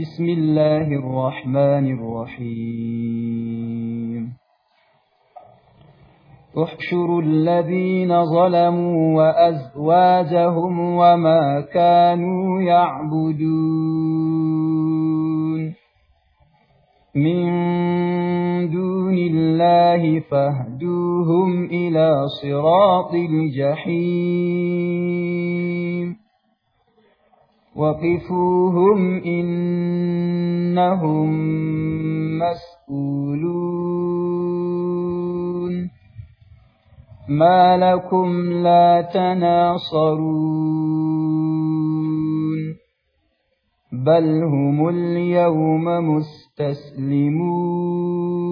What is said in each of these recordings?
بسم الله الرحمن الرحيم احشروا الذين ظلموا وأزواجهم وما كانوا يعبدون من دون الله فاهدوهم إلى صراط الجحيم وقفوهم إنهم مسؤولون ما لكم لا تناصرون بل هم اليوم مستسلمون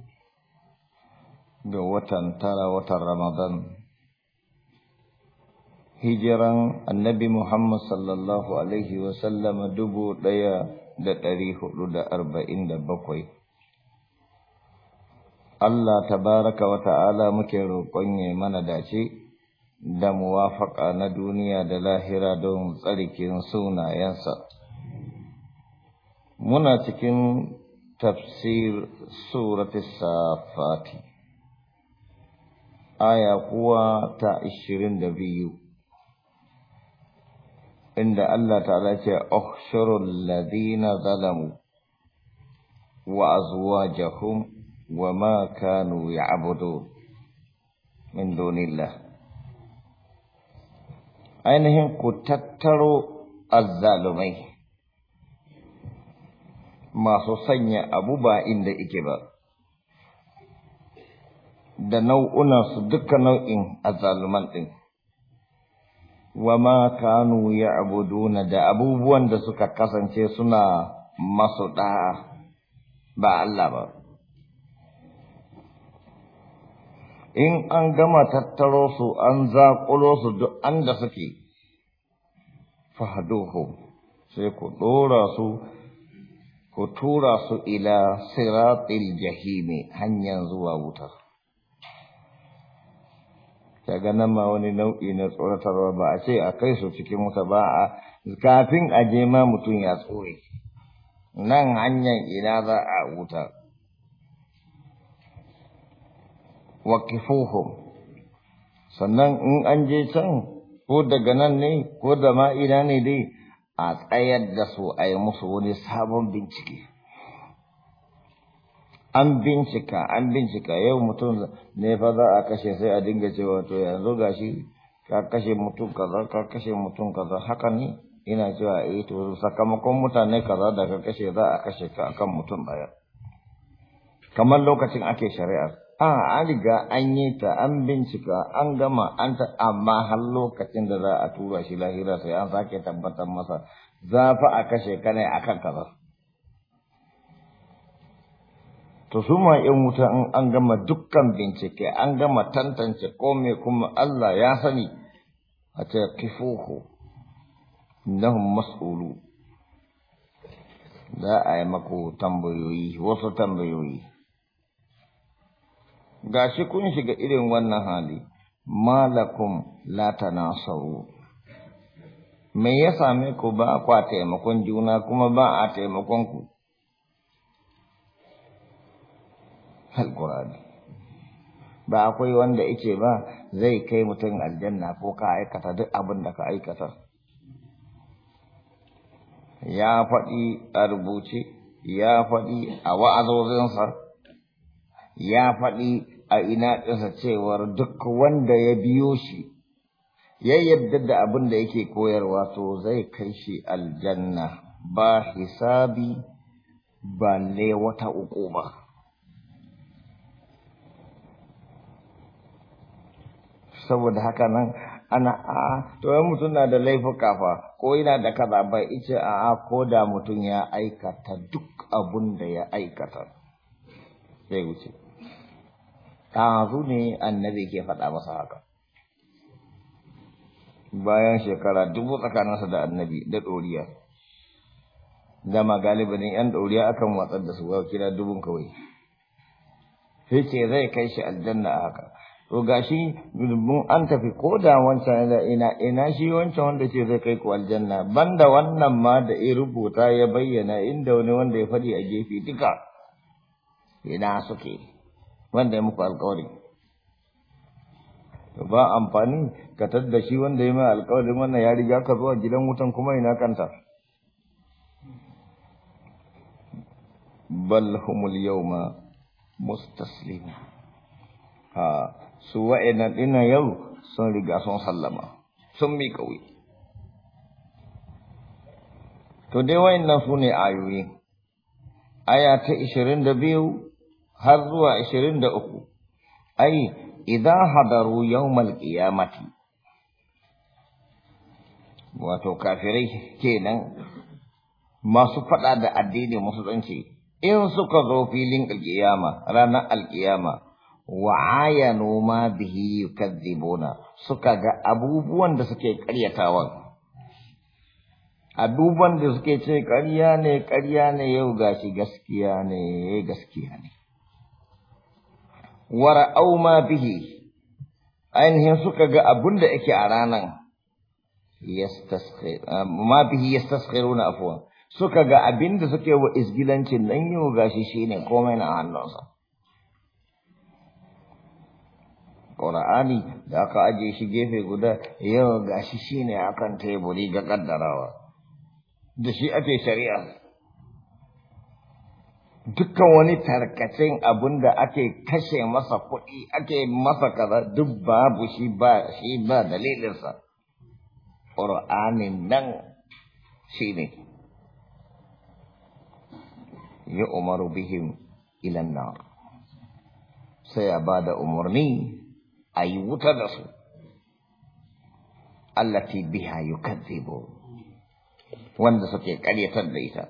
ga watan tara watan Ramadan. Hijiran annabi Muhammad sallallahu Alaihi wasallama dubu ɗaya da ɗari hudu da arba'in da bakwai. Allah tabaraka wa ta'ala muke roƙon ya mana dace da muwafaƙa na duniya da lahira don tsarkin sunayensa. Muna cikin tafsir suratul safati. aya kuwa ta da biyu, inda Allah ta'ala ce ukhshurul ladina zalamu wa azwajahum wa ma kanu ya'budun min dunillah ainihin ku tattaro azzalumai masu sanya abu ba inda ike ba da nau'unansu duka nau'in azzaluman ɗin. Wa ma kanu ya abuduna da abubuwan da suka kasance suna masu ɗa'a ba Allah ba. In an gama tattaro su an zaƙulo su duk an da suke, fahaduhu sai ku ɗora su ku tura su ila siratil jahimi hanyar zuwa wutar. Daga nan ma wani nau'i na tsoratarwa ba a ce a kai su cikin wuta ba a kafin a je ma mutum ya tsore nan hanyar ina za a wuta waqifuhum sannan in an je can ko daga nan ne ko da ma ina ne dai a tsayar da su a yi musu wani sabon bincike an bincika an bincika yau mutum ne fa za a kashe sai a dinga cewa to yanzu gashi ka kashe mutum kaza ka kashe mutum kaza haka ne ina cewa eh to sakamakon mutane kaza da ka kashe za a kashe ka akan mutum daya kamar lokacin ake shari'a a an riga an yi ta an bincika an gama an ta amma har lokacin da za a tura shi lahira sai an sake tabbatar masa za fa a kashe ka ne akan kaza to su ma ‘yan wuta in an gama dukkan bincike an gama tantance kome kuma Allah ya sani a ce kifuhu innahum mas'ulu za a yi mako tambayoyi wasu tambayoyi ga shi kun shiga irin wannan hali malakum la sauro. me ya same ku ba kwa taimakon juna kuma ba a taimakon ku alkur'ani ba akwai wanda yake ba zai kai mutum aljanna ko ka aikata duk abin da ka aikata ya faɗi a rubuce ya faɗi a wa'azozinsa ya faɗi a ina ɗinsa cewar duk wanda ya biyo shi ya yarda da abin da yake koyarwa to zai kai shi aljanna ba hisabi ba ne wata uku ba. saboda haka nan ana a to yan mutum na da laifuka fa ko yana da kaza bai ice a a ko da mutum ya aikata duk abun da ya aikata sai wuce ɗazu ne annabi ke faɗa masa haka bayan shekara dubu tsakaninsa da annabi da ɗoriya dama galibin yan ɗoriya akan watsar da su kira dubun kawai sai ce zai kai shi aljanna a haka to gashi mun an tafi ko da wancan ina ina shi wancan wanda ce zai kai ku aljanna banda wannan ma da ya rubuta ya bayyana inda wani wanda ya faɗi a gefe duka ina suke wanda ya muku alƙawari to ba amfani ka tadda shi wanda ya mai alƙawari wannan ya riga ka zuwa gidan wutan kuma ina kanta bal humul yawma mustaslimin ha. su wa'ina ɗina yau sun riga sun sallama sun mi kawai. to dai wa'innan su ne ayoyi aya ta ishirin da biyu har zuwa ishirin da uku ai idan hadaru yawmal qiyamati wato kafirai kenan masu faɗa da addini tsanci, in suka zo filin alƙiyama, ranar alkiyama wa'ayanu ma bihi yukadzibuna suka ga abubuwan da suke karyatawan abubuwan da suke ce karya ne karya ne yau gashi gaskiya ne gaskiya ne wara'au ma bihi ainihin suka ga abun da yake a ranan ma bihi yastaskhiruna afwan suka ga abin da suke wa isgilancin nan yau gashi shine komai na hannunsa ƙura'ani da aka ajiye shi gefe guda yau ga shi shi ne kan teburi ga ƙaddarawa da shi ake shari'a dukkan wani tarkacin abun da ake kashe masa kuɗi ake masa kaza duk babu shi ba shi ba dalilinsa ƙur'anin nan shi ne ya umaru bihim ilan nan sai a ba da umarni a yi wuta da su allati biha yukadzibu wanda suke karyatar da ita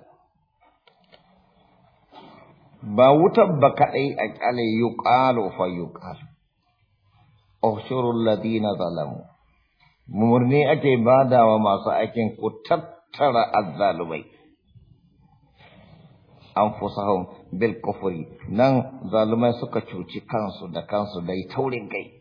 ba wutar ba kaɗai a kyale yuqalu fa yuqalu ushurul ladina zalamu murni ake badawa masu aikin ku tattara azzalumai anfusahum bil kufuri nan zalumai suka cuci kansu da kansu dai taurin kai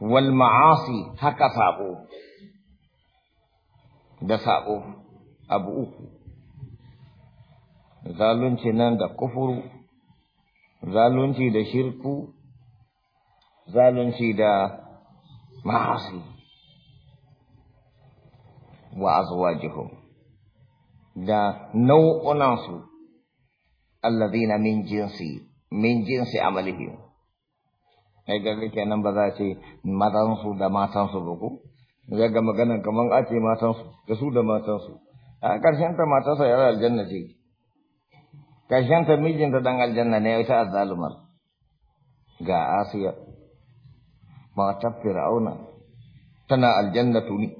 wal ma'asi haka sabo da sabo abu uku zalunci nan da kufuru zalunci da shirku zalunci da ma'asi wa azwajihum da nau'unansu allazina min jinsi min jinsi amalihim ai gaga kenan ba za a ce mazansu da matansu ba ko zai ga maganan kamar a ce matansu da su da matansu a ƙarshen ta matarsa yar aljanna ce ƙarshen ta mijinta dan aljanna ne ita azzalumar ga asiya matar fir'auna tana aljanna tuni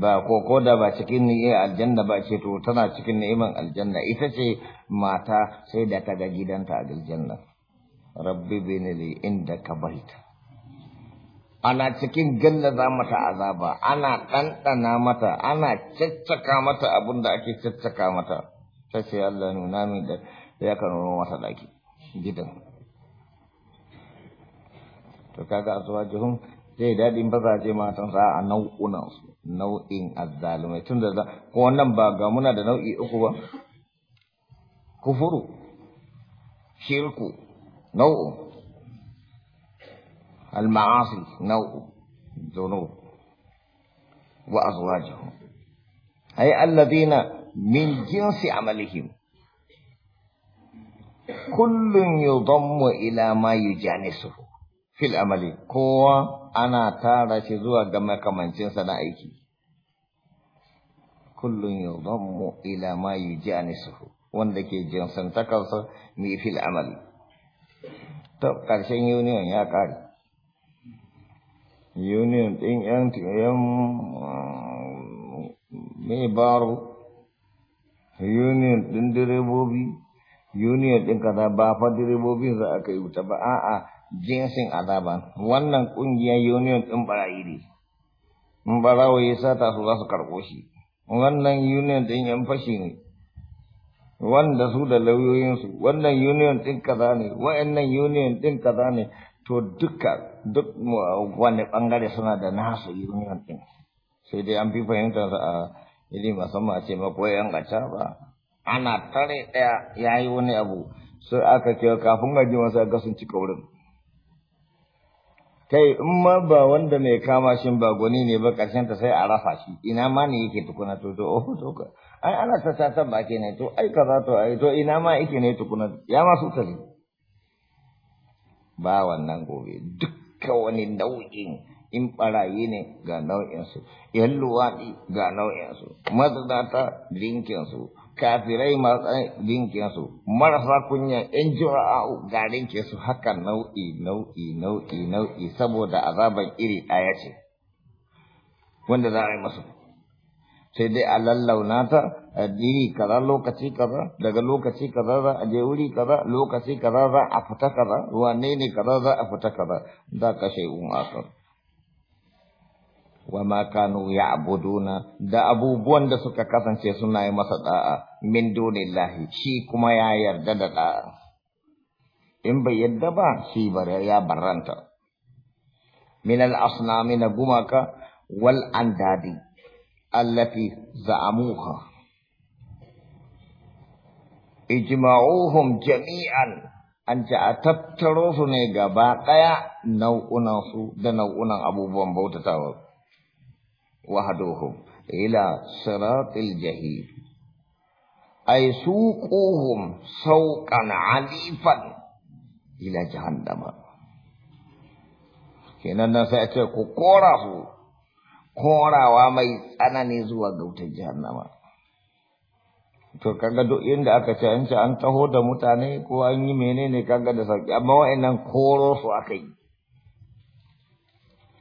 ba ko da ba cikin ni'imar aljanna ba ce to tana cikin ni'imar aljanna ita ce mata sai da ta ga gidanta a aljanna rabbi bini li inda ka baita ana cikin gallaza mata azaba ana ɗanɗana mata ana caccaka mata abin da ake caccaka mata ta ce Allah nuna min da ya ka nuna mata ɗaki gidan to kaga azuwa jihun zai daɗin ba za ce sa a nau'unan su nau'in azzalumai tun da ko wannan ba ga muna da nau'i uku ba kufuru shirku نوع المعاصي نوع الذنوب وأزواجهم أي الذين من جنس عملهم كل يضم إلى ما يجانسه في الأمل كوا أنا تارا شزوا جمع كمان جنس نائكي كل يضم إلى ما يجانسه وندك جنس تكرس مي في الأمل ta ƙarshen union ya ƙare union ɗin yan yan eh, mai baro union ɗin direbobi union ɗin kaza ba fa direbobin za a kai wuta ba a'a jinsin azaba wannan ƙungiyar union ɗin barayi ne in barawo ya sata su za su karɓo shi wannan union ɗin yan fashi ne wanda su da lauyoyinsu wannan union ɗin kaza ne wa'annan union ɗin kaza ne to duka duk wani ɓangare suna da nasu union ɗin sai dai an fi fahimtar a ili musamman a ce yan gacha ba ana tare ɗaya ya yi wani abu sai aka ce kafin gaji masu ga sun ci wurin kai in ma ba wanda mai kama shin ba gwani ne ba ƙarshen ta sai a rafa shi ina ma ne yake tukuna to to oh, ai ana ta ba baki ne to ai za to ai to ina ma yake ne tukuna ya ma su tare ba wannan gobe dukka wani nau'in in barayi ne ga nau'insu yan luwaɗi ga nau'insu mazinata dinkinsu kafirai masu dinkinsu marasa kunya yan jura'a'u ga dinkinsu haka nau'i nau'i nau'i nau'i saboda azaban iri ɗaya ce wanda za a yi masu sai dai a lallauna ta diri kaza lokaci kaza daga lokaci kaza za a je wuri kaza lokaci kaza za a fita kaza ruwa ne kaza za a fita kaza za ka un asar wa ma kanu abuduna da abubuwan da suka kasance suna yi masa da'a min dunillahi shi kuma ya yarda da da'a in bai yadda ba shi ya barranta min al-asnami na gumaka wal andadi التي زعموها اجمعوهم جميعا أن تأتبتروف نيقابا قيا نوؤنا سو دنوؤنا أبو بومبو تتاوب وحدوهم إلى صراط الجحيم أي سوقوهم سوقا عنيفا إلى جهنم kenan nan sai a korawa mai tsanani zuwa ga wutar jahannama to kaga duk inda aka ce an ce an taho da mutane ko an yi menene kaga da sauki amma wa'annan koro su aka yi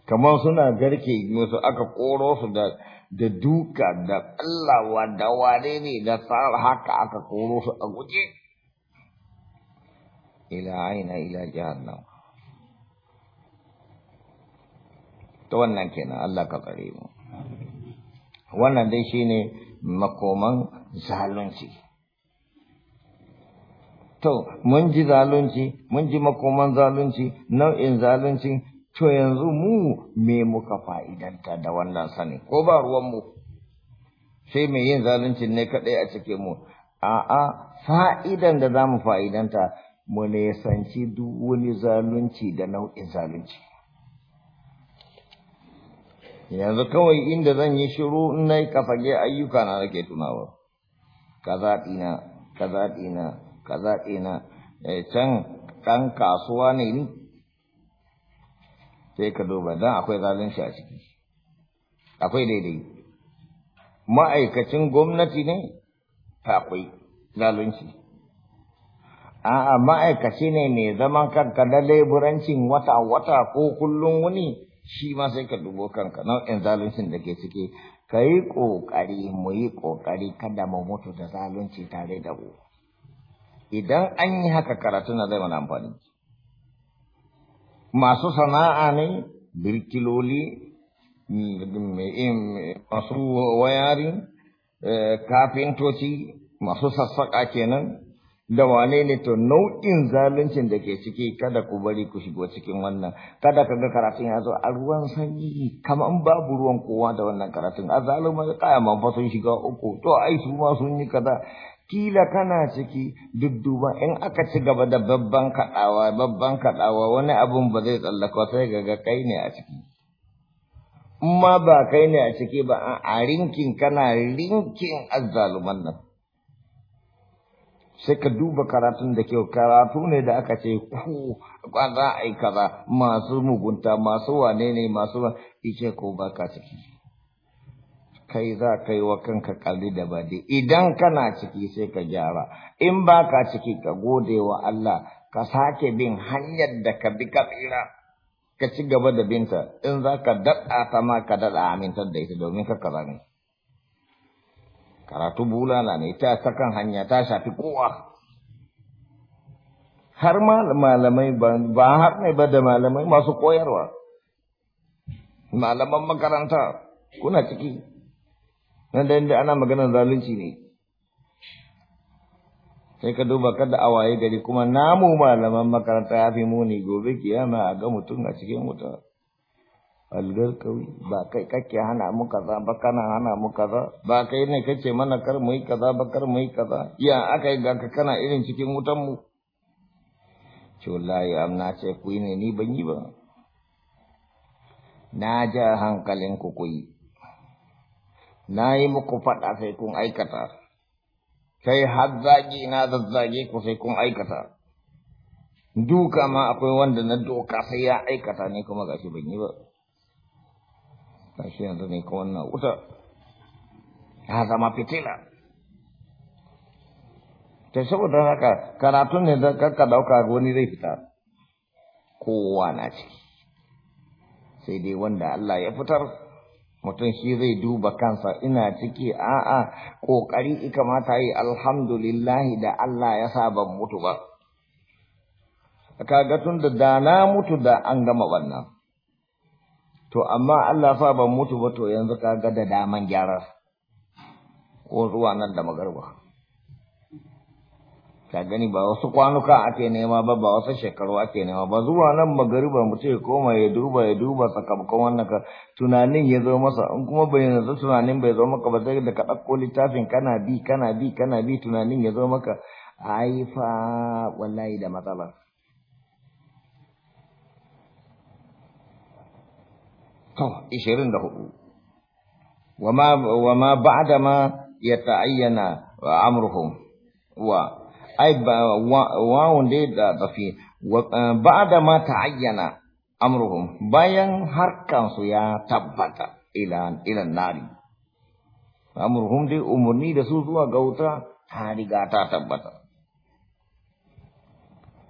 kamar suna garke musu aka koro su da da duka da allawa da wane ne da tsara haka aka koro su a guje ila aina ila jahannama ta wannan kenan Allah ka tsare mu wannan dai shine makoman zalunci to mun ji zalunci mun ji makoman zalunci nau'in zalunci to yanzu mu me muka fa'idanta da wannan sani ko ba ruwan mu sai mai yin zalunci ne kadai a cikin mu a'a fa'idan da zamu fa'idanta mu ne sanci duk wani zalunci da nau'in zalunci yanzu kawai inda zan yi shiru in na yi kafage ayyuka na nake tunawa ka kaza ka kaza ka kaza ya eh, can ɗan kasuwa ne ni sai ka duba don akwai zalunci a ciki akwai daidai ma'aikacin gwamnati ne akwai zalunci A'a ma'aikaci ne mai zaman kanka na leburancin wata-wata ko kullum wuni shi ma sai ka dubo kanka nau'in zaluncin da ke ciki ka yi ƙoƙari mu yi ƙoƙari kada mu mutu da zalunci tare da mu idan an yi haka karatu na zai mana amfani masu sana'a ne birkiloli masu wayari eh, kafintoci masu sassaƙa kenan da wane ne to nau'in zaluncin da ke ciki kada ku bari ku shigo cikin wannan kada ka ga karatun ya zo a ruwan sanyi kaman babu ruwan kowa da wannan karatun a zaluma kaya man fa sun shiga uku to ai su ma sun yi kaza kila kana ciki dudduba in aka ci gaba da babban kadawa babban kadawa wani abun ba zai tsallaka sai ga kai ne a ciki in ma ba kai ne a ciki ba a rinkin kana rinkin azzaluman nan sai ka duba karatun da kyau karatu ne da aka ce ku ba za a yi kaza masu mugunta masu wane ne masu ice ko ba ka ciki kai za ka yi wa kanka kalli da bade idan kana ciki sai ka gyara in ba ka ciki ka gode wa Allah ka sake bin hanyar da ka bi ka tsira ka ci gaba da binta in za ka daɗa ta ma ka daɗa amintar da ita domin ka kaza ne. karatu bulala ne ta sakan hanya ta shafi kowa har ma malamai ba har ne ba da malamai masu koyarwa malaman makaranta kuna ciki nan da inda ana maganar zalunci ne sai ka duba kada a waye gari kuma namu malaman makaranta ya fi muni gobe kiyama a ga mutum a cikin mutum algarkawi ba kai kake hana mu kaza ba kana hana mu kaza ba kai ne kace mana kar mu yi kaza ba kar mu yi kaza ya aka yi ganka kana irin cikin wutan mu ce wallahi amna ce ku ne ni ban yi ba na ja hankalin ku ku yi na yi muku faɗa sai kun aikata sai har na zazzage ku sai kun aikata duka ma akwai wanda na doka sai ya aikata ne kuma gashi ban yi ba shi yanzu ne ko wannan wuta ya zama fitila ta saboda haka karatun ne don karka dauka wani zai fita kowa na ciki sai dai wanda Allah ya fitar mutum shi zai duba kansa ina ciki a'a kokari ika mata yi alhamdulillahi da Allah ya sa ban mutu ba kaga tun da na mutu da an gama wannan to amma Allah fa ban mutu ba to yanzu ka ga da daman gyara ko zuwa nan da magarba ka gani ba wasu kwanuka ake nema ba ba wasu shekaru ake nema ba zuwa nan magariba mutum ya koma ya duba ya duba sakamakon wannan ka tunanin ya zo masa in kuma bai yanzu tunanin bai zo maka ba sai da ka ɗauko littafin kana bi kana bi kana bi tunanin ya zo maka ai fa wallahi da matsala to 24 wama wama ba'dama yata'ayyana amruhum wa ai wawun dai da ma ba'dama amruhum bayan harkan su ya tabbata ila ila nari amruhum dai umurni da su zuwa ga wuta ta riga ta tabbata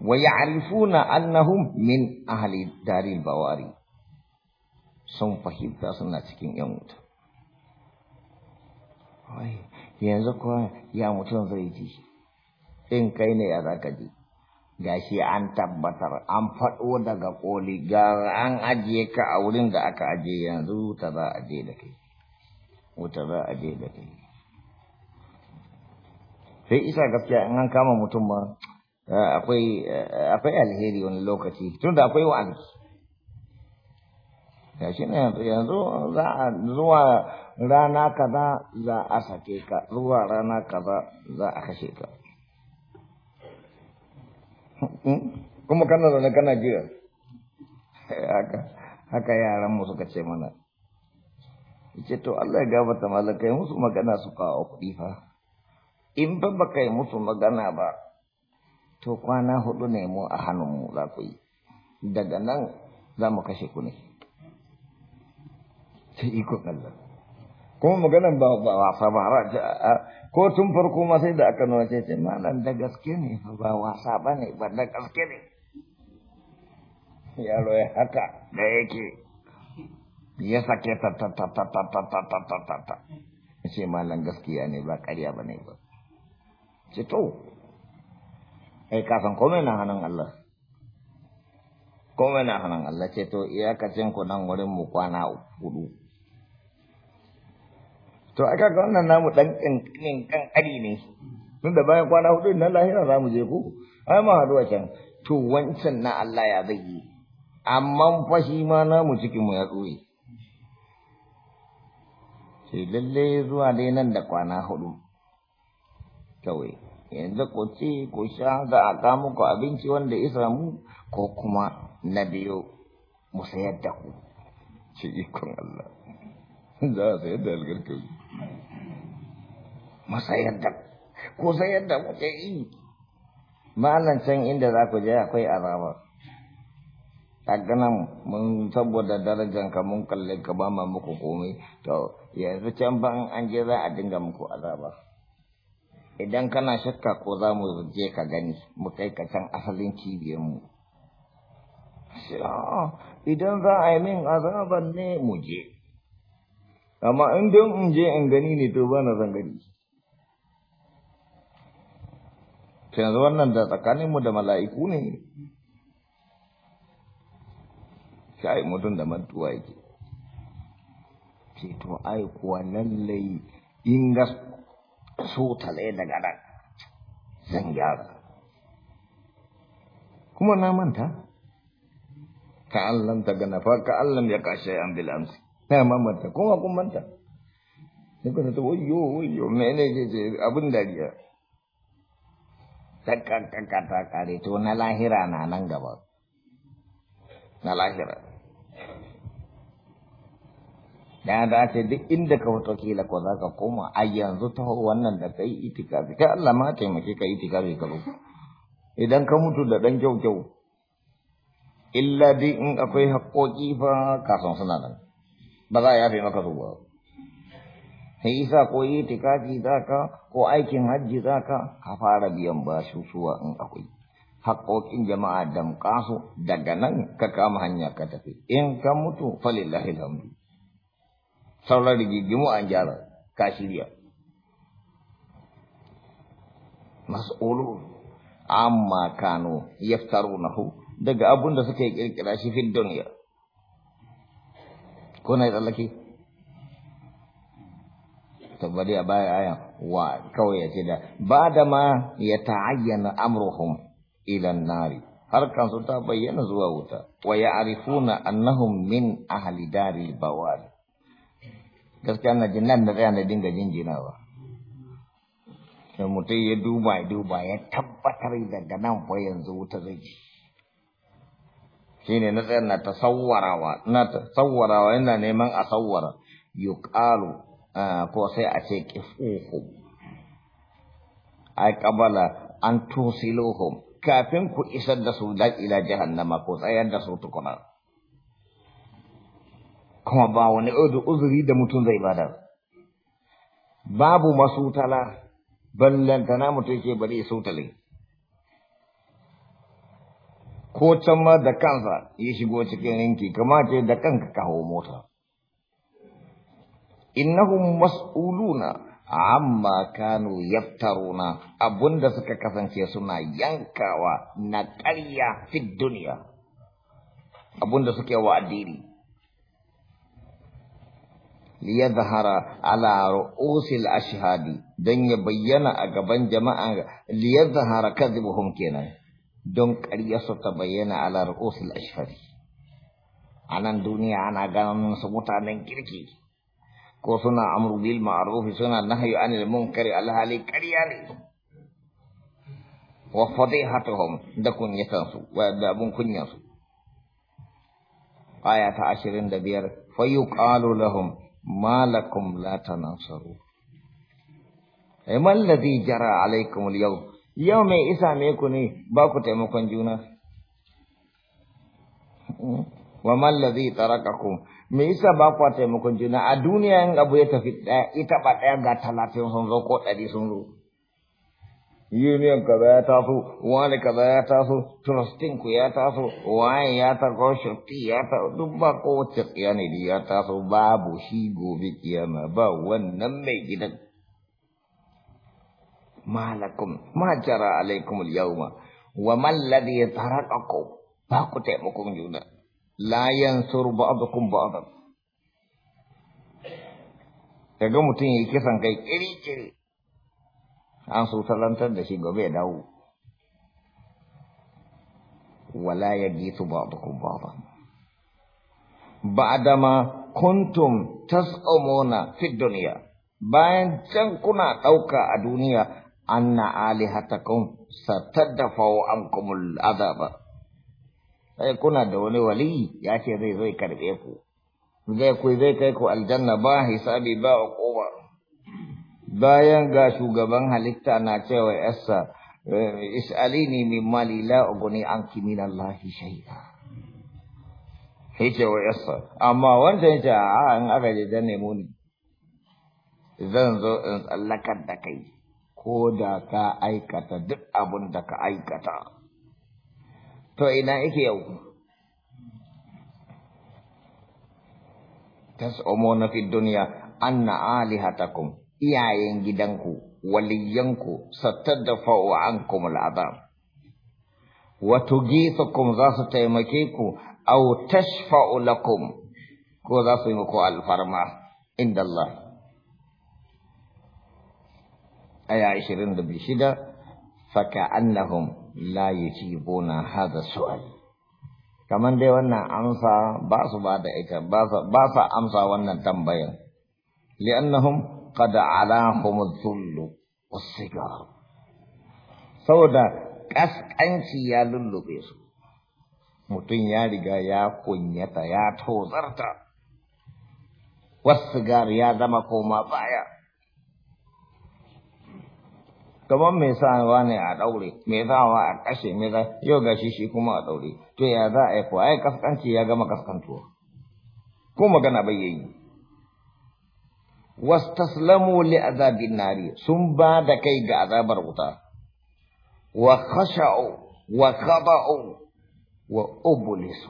wa ya'rifuna annahum min ahli daril bawari sun fahimta suna cikin yan wuta yanzu kuma ya mutum zai ji in kai ne ya zaka ji shi an tabbatar an faɗo daga ƙoli ga an ajiye ka a wurin da aka ajiye yanzu wuta za a je da kai wuta za a je da kai sai isa gaskiya in an kama mutum ba eh, eh, akwai alheri wani lokaci tunda akwai wa'azi ya shi ne yanzu za a zuwa rana kaza za a sake ka zuwa rana kaza za a kashe ka hmm? kuma kana zaune kana jiya haka yaran mu suka ce mana ce to Allah ya gabata malakai musu magana su kawo kuɗi fa in ba ba kai musu magana ba to kwana hudu ne mu a mu za ku yi daga nan za mu kashe ku ne sai ikon Allah kuma maganan ba ba wasa ba raja ko tun farko ma sai da aka nuna ce ce malam da gaske ne ba wasa ba ne ba da gaske ne yaro ya haka da yake ya sake ta ta ta ta ta ta ta ta ta ta ta ce malam gaskiya ne ba ƙarya ba ne ba ce to ai ka san komai na hannun Allah komai na hannun Allah ce to iyakacin ku nan wurin mu kwana hudu to aka ga wannan namu dan kan kankari ne da bayan kwana hudu na lahira za mu je ko ai ma haduwa can to wancan na Allah ya zai yi amma fashi ma namu cikin mu ya tsoye sai lalle zuwa dai nan da kwana hudu kawai yanzu ku ce ku sha za a kawo muku abinci wanda ya samu ko kuma na biyu mu sayar da ku ce ikon Allah za a sayar da algarkawi masa yadda ko sai yadda muke yi malan can inda za ku je akwai azaba taganan mun saboda darajan ka mun kalle ka ba ma muku komai to yanzu can ban an je za a dinga muku azaba idan kana shakka ko za mu je ka gani mu kai ka can asalin mu. Ah, idan za a yi min azaban ne mu je amma in don in je in gani ne to ba na zan gani to yanzu wannan da tsakaninmu muda mala'iku ne sai mutum da mantuwa yake ce to ai kuwa lallai in ga so tale daga kuma na manta ka Allah ta gana fa ka Allah ya kashe an bil amsi na mamanta kuma kun manta sai ka ta wayo oh, wayo oh, mene ke abin dariya ta kare to na lahira na nan gaba na lahira da da ce duk inda ka fito kila ko za ka koma a yanzu ta wannan da kai itikafi kai Allah ma taimake ka itikafi ka zo idan ka mutu da dan kyau kyau illa dai in akwai haƙoƙi fa kasan suna nan ba za a yafe maka su ba ka yi ko yi tikaji za ka ko aikin hajji za ka ka fara biyan suwa in akwai haƙoƙin jama'a damƙa su daga nan ka kama hanya ka tafi in ka mutu falillahi alhamdu sauran rigigimu an gyara ka shirya mas'ulu amma na hu daga abun da yi ƙirƙira shi fi duniya ko na tsallake to bari a baya aya wa kawai ya ce da ba da ma ya ta'ayyana amruhum ila nari har kansu ta bayyana zuwa wuta wa ya'rifuna annahum min ahli daril bawar gaskiya na jin da tsaya na dinga jinjinawa da mutum ya duba ya duba ya tabbatar daga nan fa yanzu wuta zai ji shine na tsaya na tasawwarawa na tasawwarawa yana neman a sawwara yuqalu Ah, ko sai a ce ƙifuhum ai ƙabala an tusiluhum kafin ku isar da su da ila jahannama ko tsayar da su tukuna kuma ba wani uzuri da mutum zai bada babu masutala ballantana mutum ke bari sutale ko can ma da kansa ya shigo cikin rinki kama ce da kanka kawo mota innahum mas'uluna amma kanu yaftaruna abunda suka kasance suna yankawa na ƙarya fi duniya abunda suke wa addini Liya zahara ala ru'usil ashhadi dan ya bayyana a gaban jama'a liya zahara kadhibuhum kenan don ƙarya su ta bayyana ala ru'usil ashhadi anan duniya ana ganin su mutanen kirki ko suna amru bil ma'ruf suna nahyu anil munkari alhali ƙarya ne wa fadihatuhum da kunyatan su wa da abun kunyan su aya ta 25 fayuqalu lahum ma lakum la tanasuru ay man ladhi jara alaykum al yawm yau mai isa me ku ne ba ku taimakon juna wa man ladhi tarakakum me yasa ba kwa taimakon juna a duniya in abu ya tafi ɗaya ita ba ɗaya ga talatin sun zo ko ɗari sun zo union kaza ya taso wani kaza ya taso trustin ku ya taso wani ya taso shirti ya taso duk ba kowace ya taso babu shi gobe kiyama ba wannan mai gidan malakum ma jara alaikum yawma wa man ladhi taraqakum ba ku taimakon juna la yansuru ba'dukum ba'dan kaga mutum ya kisan kai kiri-kiri an so talantar da shi gobe ya dawo wala yajitu ba'dukum ba'dan ba'dama kuntum tas'umuna fid dunya bayan can kuna dauka a duniya anna alihatakum satadafa'u ankumul adaba sai eh, kuna da wani waliyi ya ce zai zai karɓe ku zai ku zai kai ku aljanna ba hisabi ba uquba bayan ga shugaban halitta na cewa yassa eh, is'alini min mali la ugni an min Allah shay'a sai wa yassa amma wanda yace a an aka je dan nemo ni zan zo in tsallakar da kai ko da ka aikata duk abun da ka aikata to ina yake yau tas'umuna fid dunya anna alihatakum iyayen gidanku waliyanku satadfa'u ankum al'adab wa tugithukum za su taimake ku aw tashfa'u lakum ko za su yi muku alfarma inda Allah aya 26 faka annahum la bona hada su'ali kaman dai wannan amsa ba su ba da ita ba sa amsa wannan tambayan li'annahum qad alahum dhullu was-sigar saboda kaskanci ya lullube su mutum ya riga ya kunyata ya tozarta wasu ya zama koma baya gaban mai sawa ne a ɗaure mai sawa a kashe mai za yau ga shi shi kuma a ɗaure to ya za a yi kuwa ai kaskanci ya gama kaskantuwa ko magana bai taslamu wastaslamu a azabin nari sun ba da kai ga azabar wuta wa khasha'u wa khada'u wa ublisu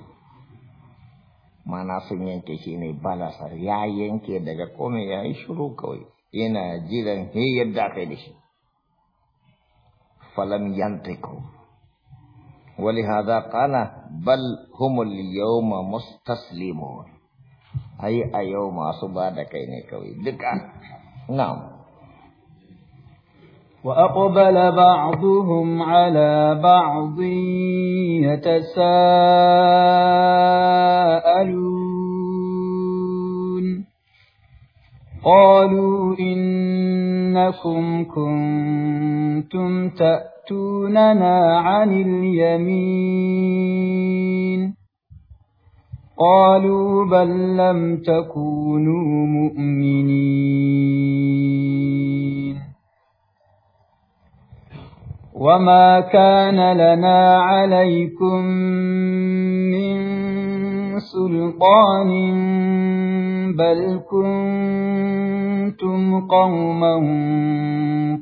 mana sun yanke shi ne balasar ya yanke daga komai ya yi shiru kawai yana jiran he yadda aka da shi فلم ينطقوا ولهذا قال بل هم اليوم مستسلمون أي أيوم أصباد كيني كوي دكا نعم وأقبل بعضهم على بعض يتساءلون قالوا إنكم كنتم تأتوننا عن اليمين قالوا بل لم تكونوا مؤمنين وما كان لنا عليكم من سلطان بل كنتم قوما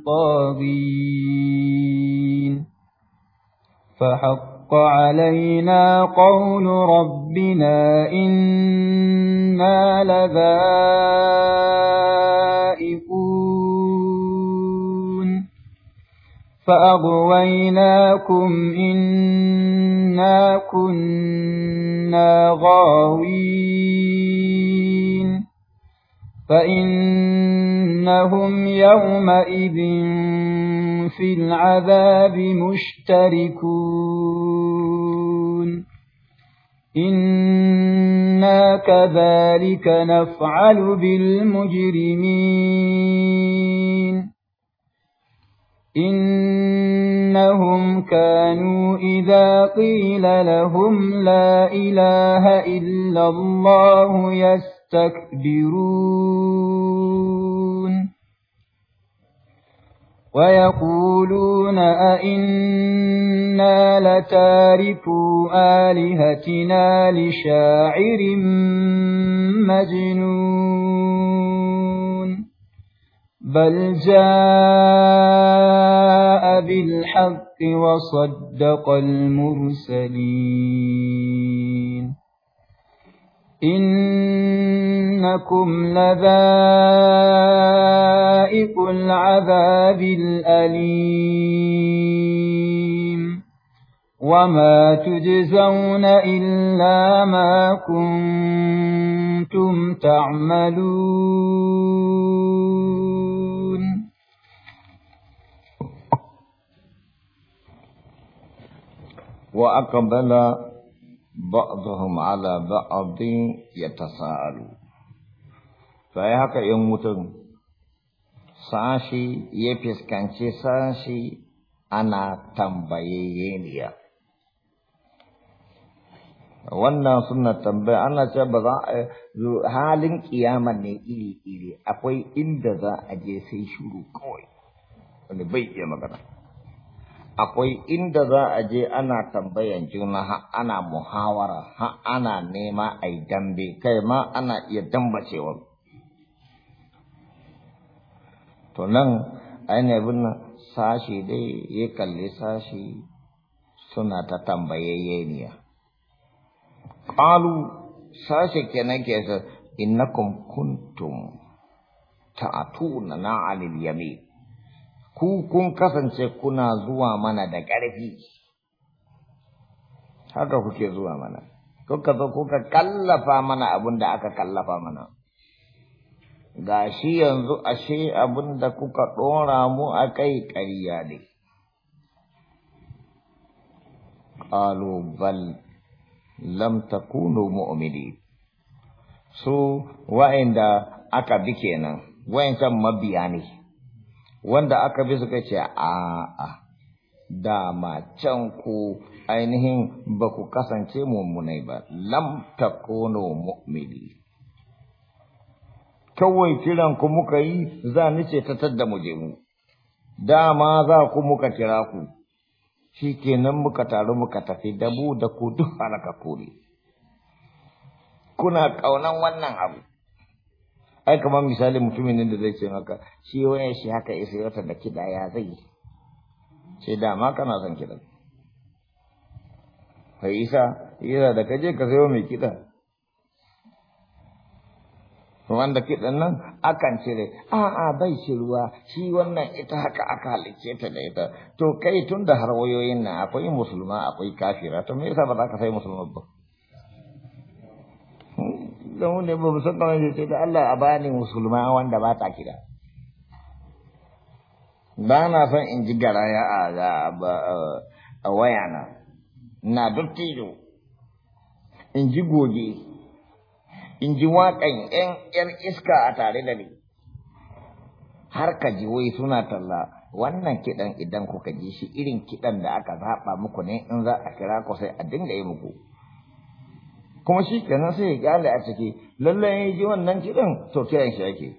طاغين فحق علينا قول ربنا إنا لذائقون فأغويناكم إنا كنا غاوين فإنهم يومئذ في العذاب مشتركون إنا كذلك نفعل بالمجرمين إنهم كانوا إذا قيل لهم لا إله إلا الله يستكبرون ويقولون أئنا لتاركوا آلهتنا لشاعر مجنون بل جاء بالحق وصدق المرسلين إنكم لذائق العذاب الأليم وما تجزون إلا ما كنتم تعملون وأقبل بعضهم على بعض يتساءلون يموتون ساشي يبس ya ساشي أنا تنبيين tambayayye wannan suna tambaya ana ce ba za a halin kiyama ne iri-iri akwai inda za a je sai shuru kawai wani bai iya magana akwai inda za a je ana tambayan juna ha ana muhawara ha ana nema a yi dambe kai ma ana iya dambacewa to nan ainihin sashi dai ya kalli sashi suna ta tambayayye niya qalu sashi kenan ke sa innakum kuntum ta'atuna na ku kun kasance kuna zuwa mana da ƙarfi haka kuke zuwa mana kuka zo kuka kallafa mana abin da aka kallafa mana ga shi yanzu ashe abin da kuka ɗora mu a kai ƙarya ne ƙalubal lam takunu mu'mini su wa'inda aka bi kenan wa'incan mabiya ne wanda aka bi suka ce a a dama can ku ainihin ba ku kasance mummunai ba lam takunu mu'mini kawai kiran ku muka yi za ni ce ta tadda mu je mu dama za ku muka kira ku shi kenan muka taru muka tafi dabu da ku duk halaka kuri kuna kaunan wannan abu ai kamar misali mutumin da zai ce maka shi waya shi haka isa wata da kida ya zai sai dama kana son kida kai isa yana da kaje ka sayo mai kida. wanda kiɗan nan akan cire a'a bai shi ruwa shi wannan ita haka aka halicce ta da ita to kai tun da har wayoyin nan akwai musulma akwai kafira to me yasa ba za ka sai musulma ba don ne ba san kamar da ce da Allah a bani musulma wanda ba ta kira ba na son in ji garaya a wayana na dottijo in ji goge in ji waƙan ‘yan ‘yan iska a tare da ni. Har ka ji wai suna talla wannan kiɗan idan kuka ji shi irin kiɗan da aka zaɓa muku ne in za a kira ku sai a dinga yi muku. Kuma shi kenan sai ya gyale a ciki lallai ya ji wannan kiɗan to kiran shi ake.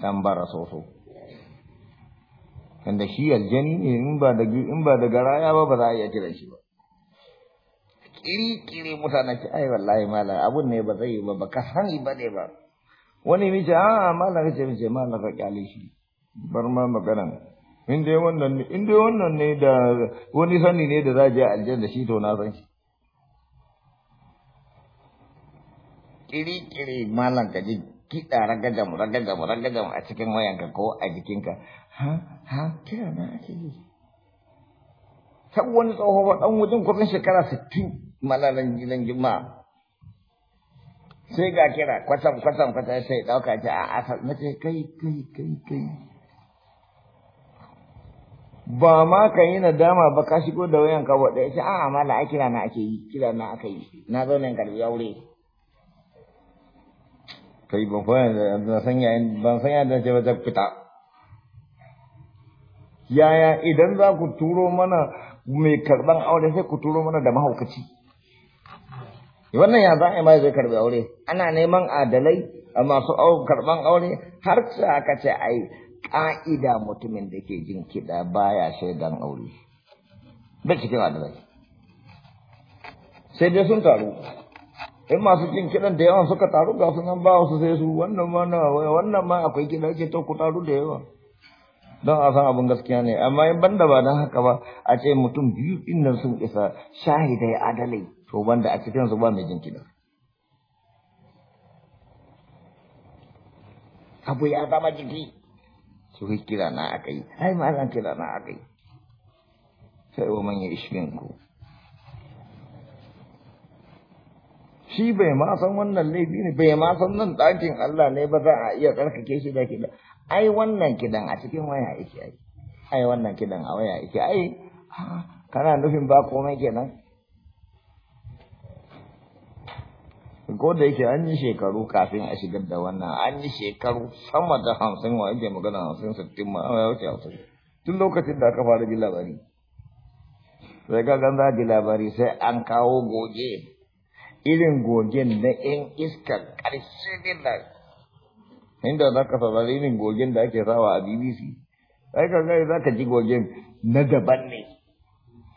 san bara soso. Tanda shi aljani ne in ba da garaya ba ba za a iya kiran shi ba. kiri-kiri mutane ce ai wallahi malam abun ne ba zai yi ba baka sani ba ne ba wani mice a ah, malam kace mice malam ka kyale shi bar ma magana in dai wannan ne in wannan ne da wani sani ne da za a je aljanna shi to na san shi kiri-kiri malam ka ji kiɗa ragagam ragagam ragagam a cikin wayanka ko a jikinka ha ha kira na ake yi sab wani tsoho ba wajen kusan shekara sittin malalan gidan Juma. sai ga kira kwatam kwatam kwata sai dauka ta a asal na ce kai kai kai kai ba ma ka yi nadama ba ka shigo da wayan ka wadda ya ce a mala a kira na ake yi kira na aka yi na zo nan karbi aure kai ban fara san yayin ban san yayin ce ba ta fita yaya idan za ku turo mana mai karɓar aure sai ku turo mana da mahaukaci wannan ya zan ima zai karbi aure ana neman adalai masu karban aure har sai aka ce ai ka'ida mutumin da ke jin kiɗa baya shaidan aure bai cikin adalai sai dai sun taru in masu jin kiɗan da yawan suka taru ga su nan ba wasu sai su wannan ma wannan ma akwai kiɗa ce to ku taru da yawa don a san abin gaskiya ne amma in banda ba don haka ba a ce mutum biyu ɗin sun isa shahidai adalai to banda a cikin su ba mai jin kiɗa abu ya zama jiki su kai kira na aka yi ai zan kira na aka yi sai wa manya ishirin ku shi bai ma san wannan laifi ne bai ma san nan ɗakin Allah ne ba za a iya tsarkake shi da kidan ai wannan kiɗan a cikin waya yake ai ai wannan kiɗan a waya yake ai ah, kana nufin ba komai kenan ko da yake an yi shekaru kafin a shigar da wannan an yi shekaru sama da hamsin wa ake magana hamsin sittin ma ya wuce hamsin tun lokacin da aka fara ji labari sai ka ganza ji labari sai an kawo goge irin gogen na yan iskar ƙarshe ne nan inda za ka saurari irin gogen da ake sawa a bbc sai ka ga za ka ji gogen na daban ne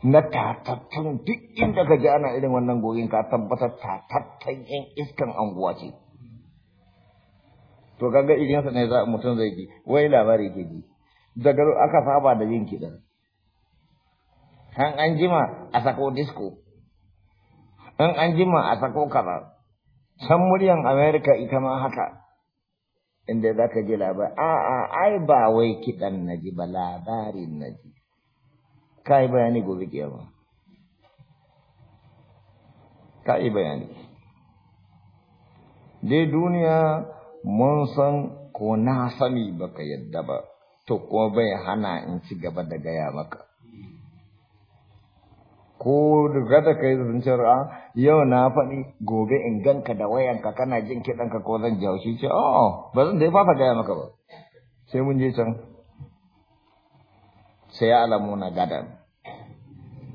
na tatattun duk inda ka ji ana irin wannan gogin ka tabbatar tatattun yan iskan anguwa ce to kaga irinsa ne za mutum zai ji wai labari ke ji daga aka saba da yin kiɗan. an an jima a sako disco an an jima a sako kaza san muryan Amerika ita ma haka inda za ka ji labari a'a ai ba wai kiɗan na ji ba labarin na ji kai bayani gobe kiyama ka bayani dai duniya mun san ko na sani baka yadda ba to ko bai hana in ci gaba da gaya maka ko daga da kai zancen a ah, yau na faɗi gobe in ganka da wayanka kana jin kiɗanka ko zan jawo shi ce oh, oh ba zan da ya fafa gaya maka ba sai mun je can سيعلمون gadan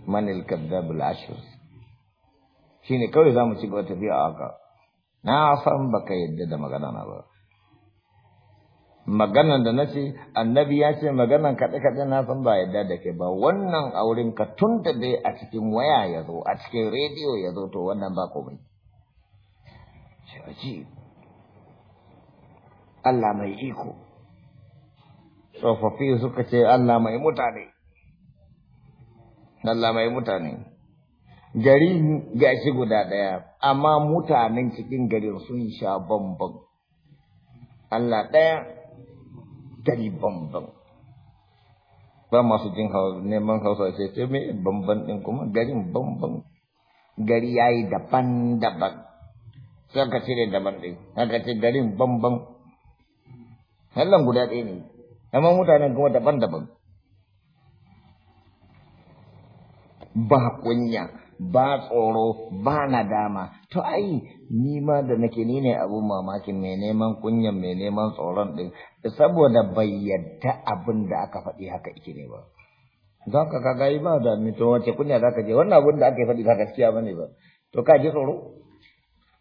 manil kadabul ashur shine kawai zamu ci gaba tafiya haka na san baka yadda da magana na ba maganan da nace annabi ya ce maganan kada kada na san ba yadda da ke ba wannan auren ka tunda dai a cikin waya ya zo a cikin rediyo ya zo to wannan ba komai Allah mai iko tsofaffi suka ce Allah mai mutane Allah mai mutane gari gashi guda ɗaya amma mutanen cikin garin sun sha bambam Allah ɗaya gari bambam ba masu jin neman hausa ce ce mai bambam ɗin kuma garin bambam gari ya yi daban-daban sai ka cire daban ɗin haka ce garin bambam hallan guda ɗaya ne amma mutanen kuma daban-daban ba kunya ba tsoro ba nadama to ai ni ma da nake ni ne abun mamakin mai neman kunyan mai neman tsoron ɗin saboda bai yadda abin da aka faɗi haka ike ne ba za ka kaga yi ba da mito wace kunya za ka je wannan abin da aka faɗi ba gaskiya ba ne ba to ka ji tsoro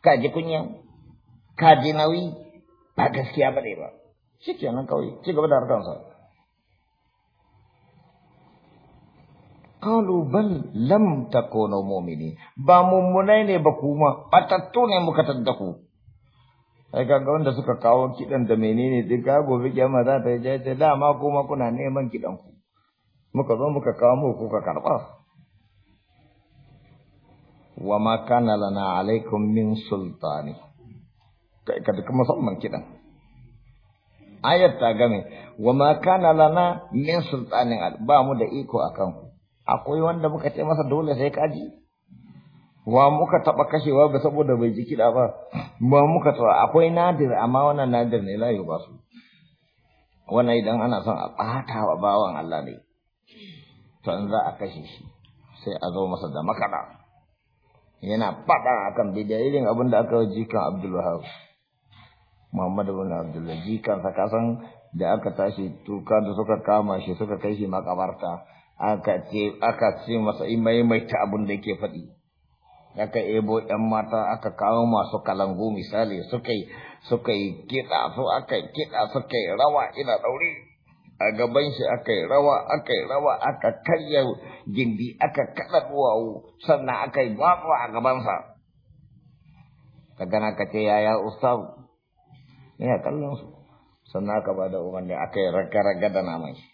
ka ji kunya ka ji nauyi ba gaskiya ba ne ba shi kenan kawai ci gaba da harkansa Kalu bal lam takunu mu'mini ba mummunai ne ba kuma batattu ne muka taddaku ai kaga wanda suka kawo kidan da menene duk ga gobe kiyama za ta je ta ma kuma kuna neman kidan ku muka zo muka kawo mu kuka karba wa ma kana lana alaikum min sultani kai kada kuma musamman kidan ayat ta game wa ma kana lana min sultanin ba mu da iko akan ku akwai wanda muka ce masa dole sai kaji wa muka taba kashewa ba saboda bai ji kiɗa ba ba muka taba akwai nadir amma wannan nadir ne la ba su wannan idan ana son a bata wa bawan Allah ne to an za a kashe shi sai a zo masa da makada yana faɗa akan bidiyo irin abin da aka yi jikan Abdul Wahab Muhammad bin Abdullah jikan sa kasan da aka tashi tuka da suka kama shi suka kai shi makabarta aka ce aka ce masa imai mai ta abun da yake faɗi aka ebo ɗan mata aka kawo masu kalangu misali suka yi suka yi su aka kida suka rawa ina daure a gaban shi aka yi rawa aka rawa aka karya gindi aka kaɗa duwawu sannan aka yi gwatsa a gabansa ka gana ka ce yaya ustaz ina kallon su sannan aka bada da umarni a kai raga-raga da naman shi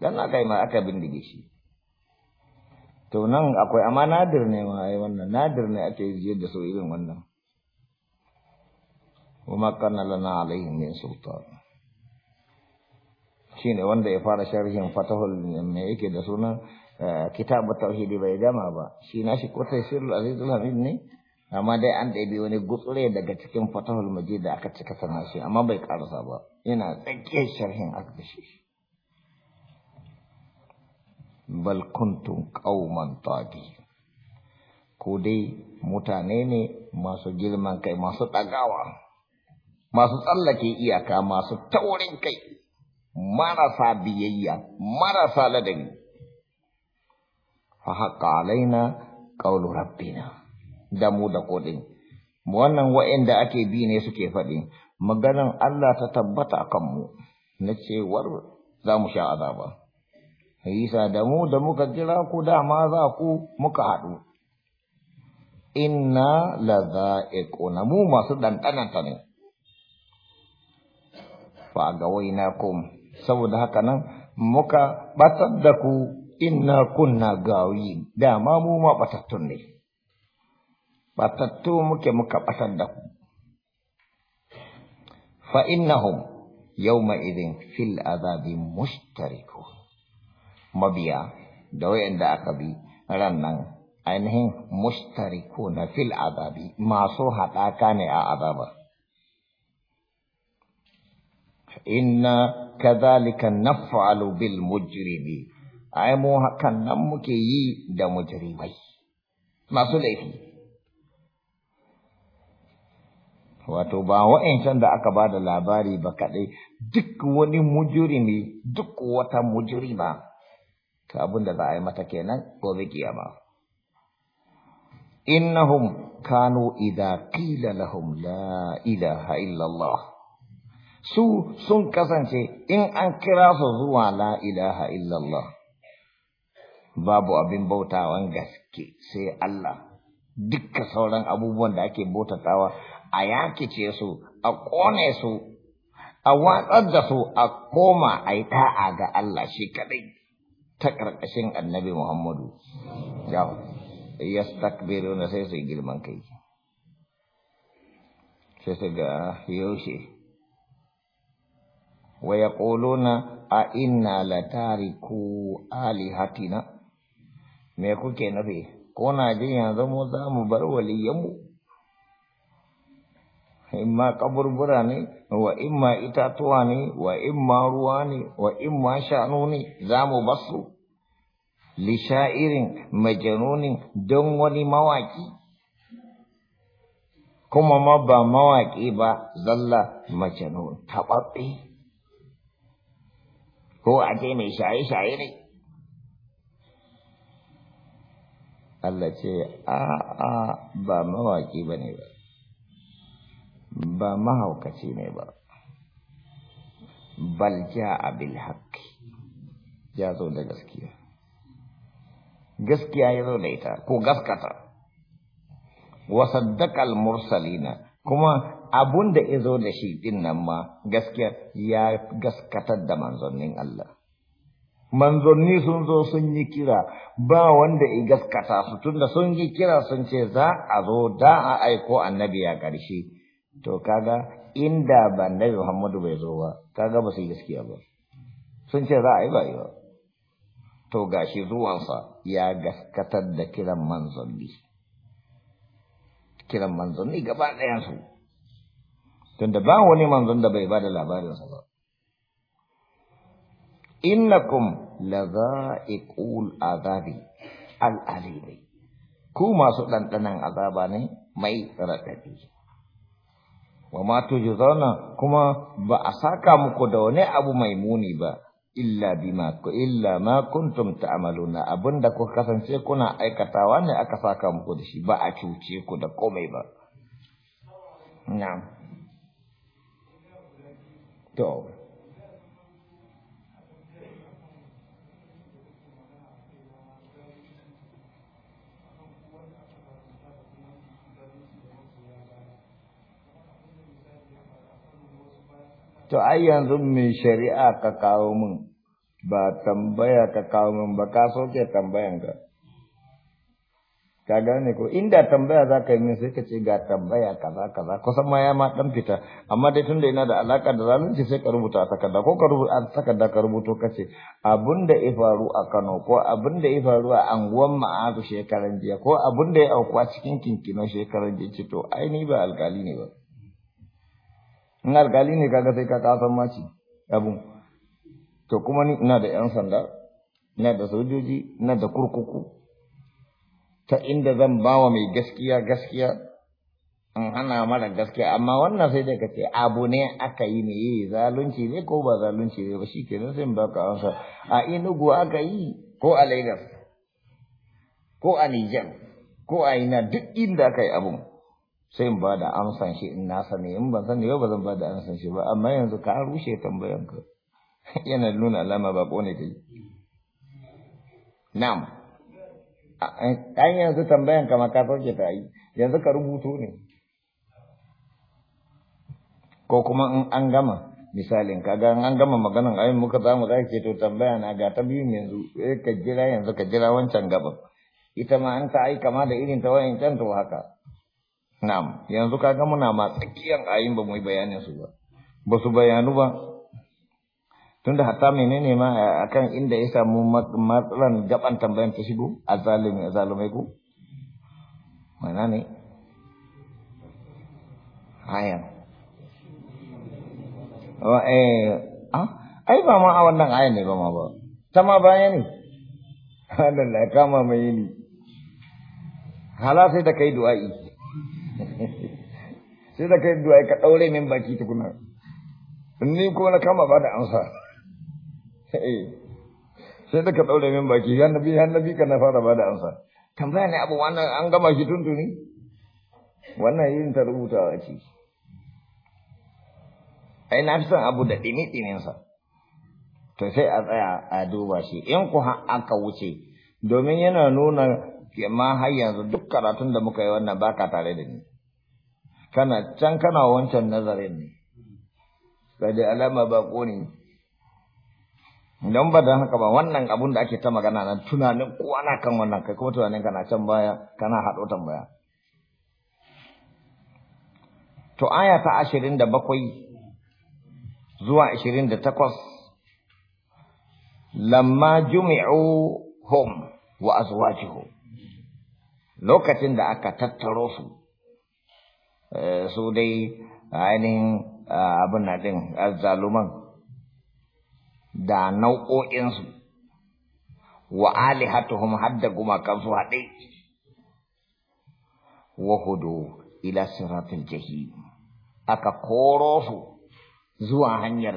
dan aka yi ma aka bindige shi to nan akwai amma nadir ne ma ai wannan nadir ne ake yi da su irin wannan kuma kana lana alaihim min sultan shine wanda ya fara sharhin fatahul me yake da sunan eh, kitabut tauhidi bai gama ba shi shi ko sai azizul hamid ne amma dai an ɗabi wani gutsure daga cikin fatahul maji da aka cika sana shi amma bai karasa ba yana tsakiyar sharhin aka balkuntu shi bal kuntum ko dai mutane ne masu girman kai masu ɗagawa masu tsallake iyaka masu taurin kai marasa biyayya marasa ladabi fa haƙa alaina ƙaunar rabbina da mu da kodin wannan wayanda ake bi ne suke faɗi Maganin Allah ta tabbata kan mu na cewar za mu sha azaba Isa da mu da muka jira ku dama za ku muka haɗu inna la ƙona mu masu ɗanɗananta ne fa ga waina kum saboda haka nan muka ɓatar da ku inna kunna gawi dama mu ma batattun ne فتتو مك مك أسدك فإنهم يومئذ في الأذاب مشتركو مبيا دوي عند أكبي رنن أنهم مشتركون في الأذاب ما سو كان أذاب إن كذلك نفعل بالمجرمين أي مو كان نمك يي دمجرمي ما سو wato ba wa'ancan da aka ba da labari ba kaɗai duk wani mujurimi duk wata mujurima ta abin da za a yi mata kenan gobe kiyama innahum kanu idza qila lahum la ilaha allah su sun kasance in an kira su zuwa la ilaha allah babu abin bautawan gaske sai Allah duka sauran abubuwan da ake bautatawa a yakice su a ƙone su a watsar da su a koma a yi ta'a ga Allah shi kadai ta ƙarƙashin annabi Muhammadu ya stakbiru na sai su yi girman kai sai su ga yaushe wa ya na a ina inna Ali alihatina me kuke nufi ko na jin yanzu mu za mu bar waliyanmu imma kaburbura ne wa imma itatuwa ne wa imma ruwa ne wa imma shanu ne za mu basu lisha'irin majanunin don wani mawaki kuma ma ba mawaki ba zalla majanun taɓaɓɓe ko a ce mai shaye-shaye ne Allah ce a'a ba mawaki ba ne ba ba mahaukaci ne ba bal a bil haqqi ya zo da gaskiya gaskiya ya zo da ita ko gaskata wa saddaqal mursalina kuma abun da ya zo da shi din nan ma gaskiya ya gaskatar da manzannin Allah manzanni sun zo sun yi kira ba wanda ya gaskata su tunda sun yi kira sun ce za a zo da a aiko annabi a ƙarshe to kaga inda ba nabi Muhammadu bai zo ba kaga ba su yi gaskiya ba sun ce za a yi ba yi ba to gashi zuwansa ya gaskatar da kiran manzanni kiran manzanni gaba ɗayansu tunda ba wani manzon da bai ba da labarinsa ba innakum za'iqul azabi al-alimi ku masu ɗanɗanan azaba ne mai raɗaɗi wa ma tujzauna kuma ba a saka muku da wani abu mai muni ba illa bima ku illa ma kuntum ta'maluna abinda ku kasance kuna aikatawa ne aka saka muku da shi ba a cuce ku da komai ba na'am to to ai yanzu mai shari'a ka kawo min ba tambaya ka kawo min ba ka soke tambayan ka ka gane ko inda tambaya za ka yi min sai ka ce ga tambaya kaza kaza kusan ma ya ma dan fita amma dai tunda ina da alaka da zalunci sai ka rubuta a takarda ko ka rubuta a takarda ka rubuto ka ce abin da ya faru a Kano ko abin da ya faru a anguwan Ma'azu shekaran jiya ko abin da ya auku a cikin Kinkino shekaran jiya to ai ni ba alkali ne ba in alkali ne kaga sai ka kasa maci abu. to kuma ni ina da yan sanda ina da sojoji ina da kurkuku ta inda zan bawa mai gaskiya gaskiya in hana mara gaskiya amma wannan sai dai ka ce abu ne aka yi ne yi eh, zalunci ne ko ba zalunci ne ba shi ke nan sai baka amsa a inugu aka yi ko a lagos ko a Nijar ko a ina duk inda aka yi abun sai in ba da amsan shi in na sani in ban sani yau ba zan ba da amsan shi ba amma yanzu ka rushe tambayan ka yana nuna alama ba kone kai na'am an yanzu tambayan ka ma ka sauke ta yi yanzu ka rubuto ne ko kuma in an gama misalin ka ga an gama maganan ayin muka za mu zaki to tambaya na ga ta biyun yanzu eh, ka jira yanzu ka jira wancan gaban ita ma an ta aika ma da irin ta wayan can to haka nam yang suka kamu nama tsakiyan yang ba mu yi bayanin su ba. Ba su ini ba. Tunda eh, akan inda ya samu matsalan gaban tambayan ta shigo a Mana nih ayam oh, eh ah? ba mama a wannan ayan ne ba ma ba ta ma baya ne Allah kama mai yini hala sai sai da kai duwai ka daure min baki tukuna ni kuma na kama ba da amsa eh. sai da ka daure min baki ya nabi ya nabi ka na fara ba da amsa tambaya ne abu wannan an gama shi tuntuni wannan yin ta rubuta a ce ai na fi son abu da dini dinin sa to sai a tsaya a duba shi in ku aka wuce domin yana nuna ma har yanzu duk karatun da muka yi wannan baka tare da ni kana can kana wancan nazarin ne sai alama ba ne don ba da haka ba wannan abun da ake ta magana na, tunanin kowa na kan wannan kai kuma tunanin kana can baya kana haɗo tambaya to aya ta ashirin da bakwai zuwa ashirin da takwas lamma jumi'u hum wa azwajuhum lokacin da aka tattaro su Eh, su dai ainihin ah, abin na ɗin azzaluman da nau'o'insu wa alihatuhum hadda gumakansu haɗe wa hudu ila siratul jahi aka koro su zuwa hanyar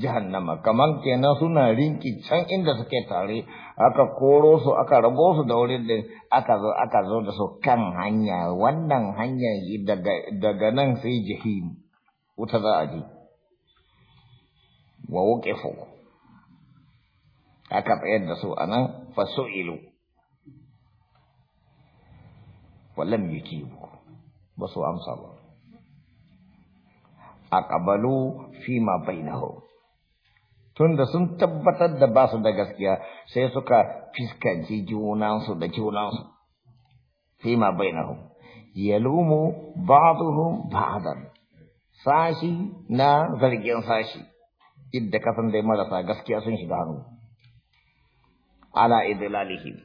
jahannama kamar kenan suna rinki can inda suke tare aka koro su aka rago su da wurin da aka zo aka zo da su kan hanya wannan hanya daga daga nan sai jahim wuta za a je wa wuqifu aka tsayar da su anan fasu'ilu wallam yukibu ba su amsa ba aqbalu fima bainahum tunda sun tabbatar da ba su da gaskiya sai suka fiskanci junansu da junansu fima bainahum yalumu ba'dhum ba'dan sashi na zargin sashi idda san dai marasa gaskiya sun shiga hannu ala idlalihim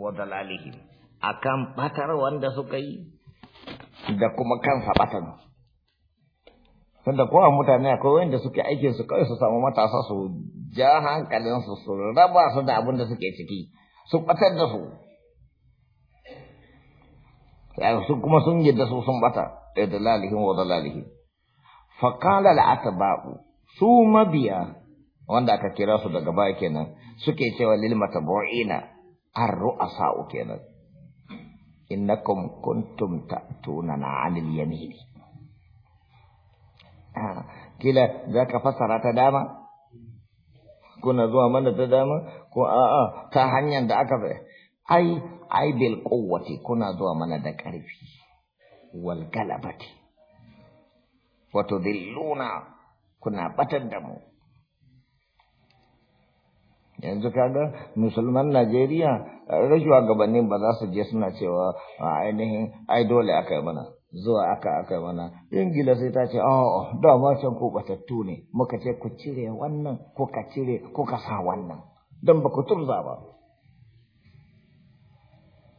wa dalalihim akan batar wanda suka yi da kuma kansa batan Sanda kowa mutane akwai wanda suke aikin su kawai su samu matasa su ja hankalinsu su raba su da abin da suke ciki su batar da su. Su kuma sun yadda su sun bata da dalalihin wa dalalihin. Fakala al'ataba'u su mabiya wanda aka kira su daga baya kenan suke cewa lil matabu'ina ar-ru'asa'u kenan. Innakum kuntum ta'tunana 'anil yamini. Ah, kila za ka fasara ta dama kuna zuwa mana ta dama ko a'a ta hanyar da aka ai ai bil ko kuna zuwa mana da ƙarfi wal galabati wato dilluna kuna batar da mu yanzu kaga musulman Najeriya rashuwa eh, gabanin ba za su je suna cewa a ah, ainihin ai dole aka yi mana zuwa aka aka mana ingila sai ta ce oh, oh ma can ku batattu ne muka ce ku cire wannan ko ka cire ko ka sa wannan don ba ku turza ba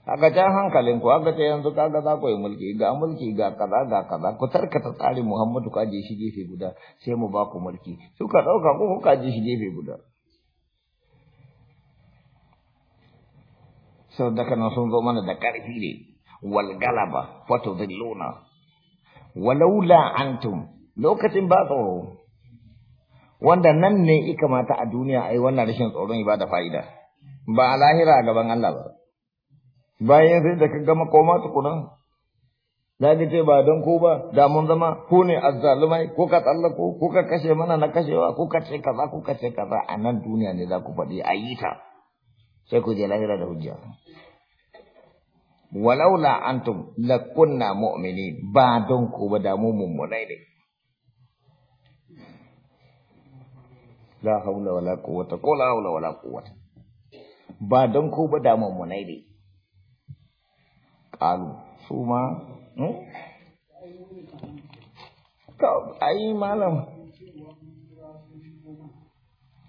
aka ja hankalin ku aka ce yanzu kaga za ku yi mulki ga mulki ga kaza ga kaza ku ta tsarin muhammadu ka je shi gefe guda sai mu ba ku mulki su suka ɗauka ku ka je shi gefe guda sau da kana sun zo mana da ƙarfi ne والغلبة فتضلون ولولا Lokacin ba باطو wanda nan ne i kamata a duniya ai wannan rashin tsoron ibada fa'ida ba a lahira a gaban Allah ba bayan sai da ka gama koma tukuna Ladi ce ba don ko ba da mun zama ko ne azzalumai ko ka tsallako ko ka kashe mana na kashewa ko ka ce kaza ko ka ce kaza a nan duniya ne za ku faɗi a yi ta sai ku je lahira da hujja walaula antum lakunna mu'minin ba don ku ba mu mummunai ne la haula wala ko la haula wala ba don ku ba mummunai ne su ma hmm? malam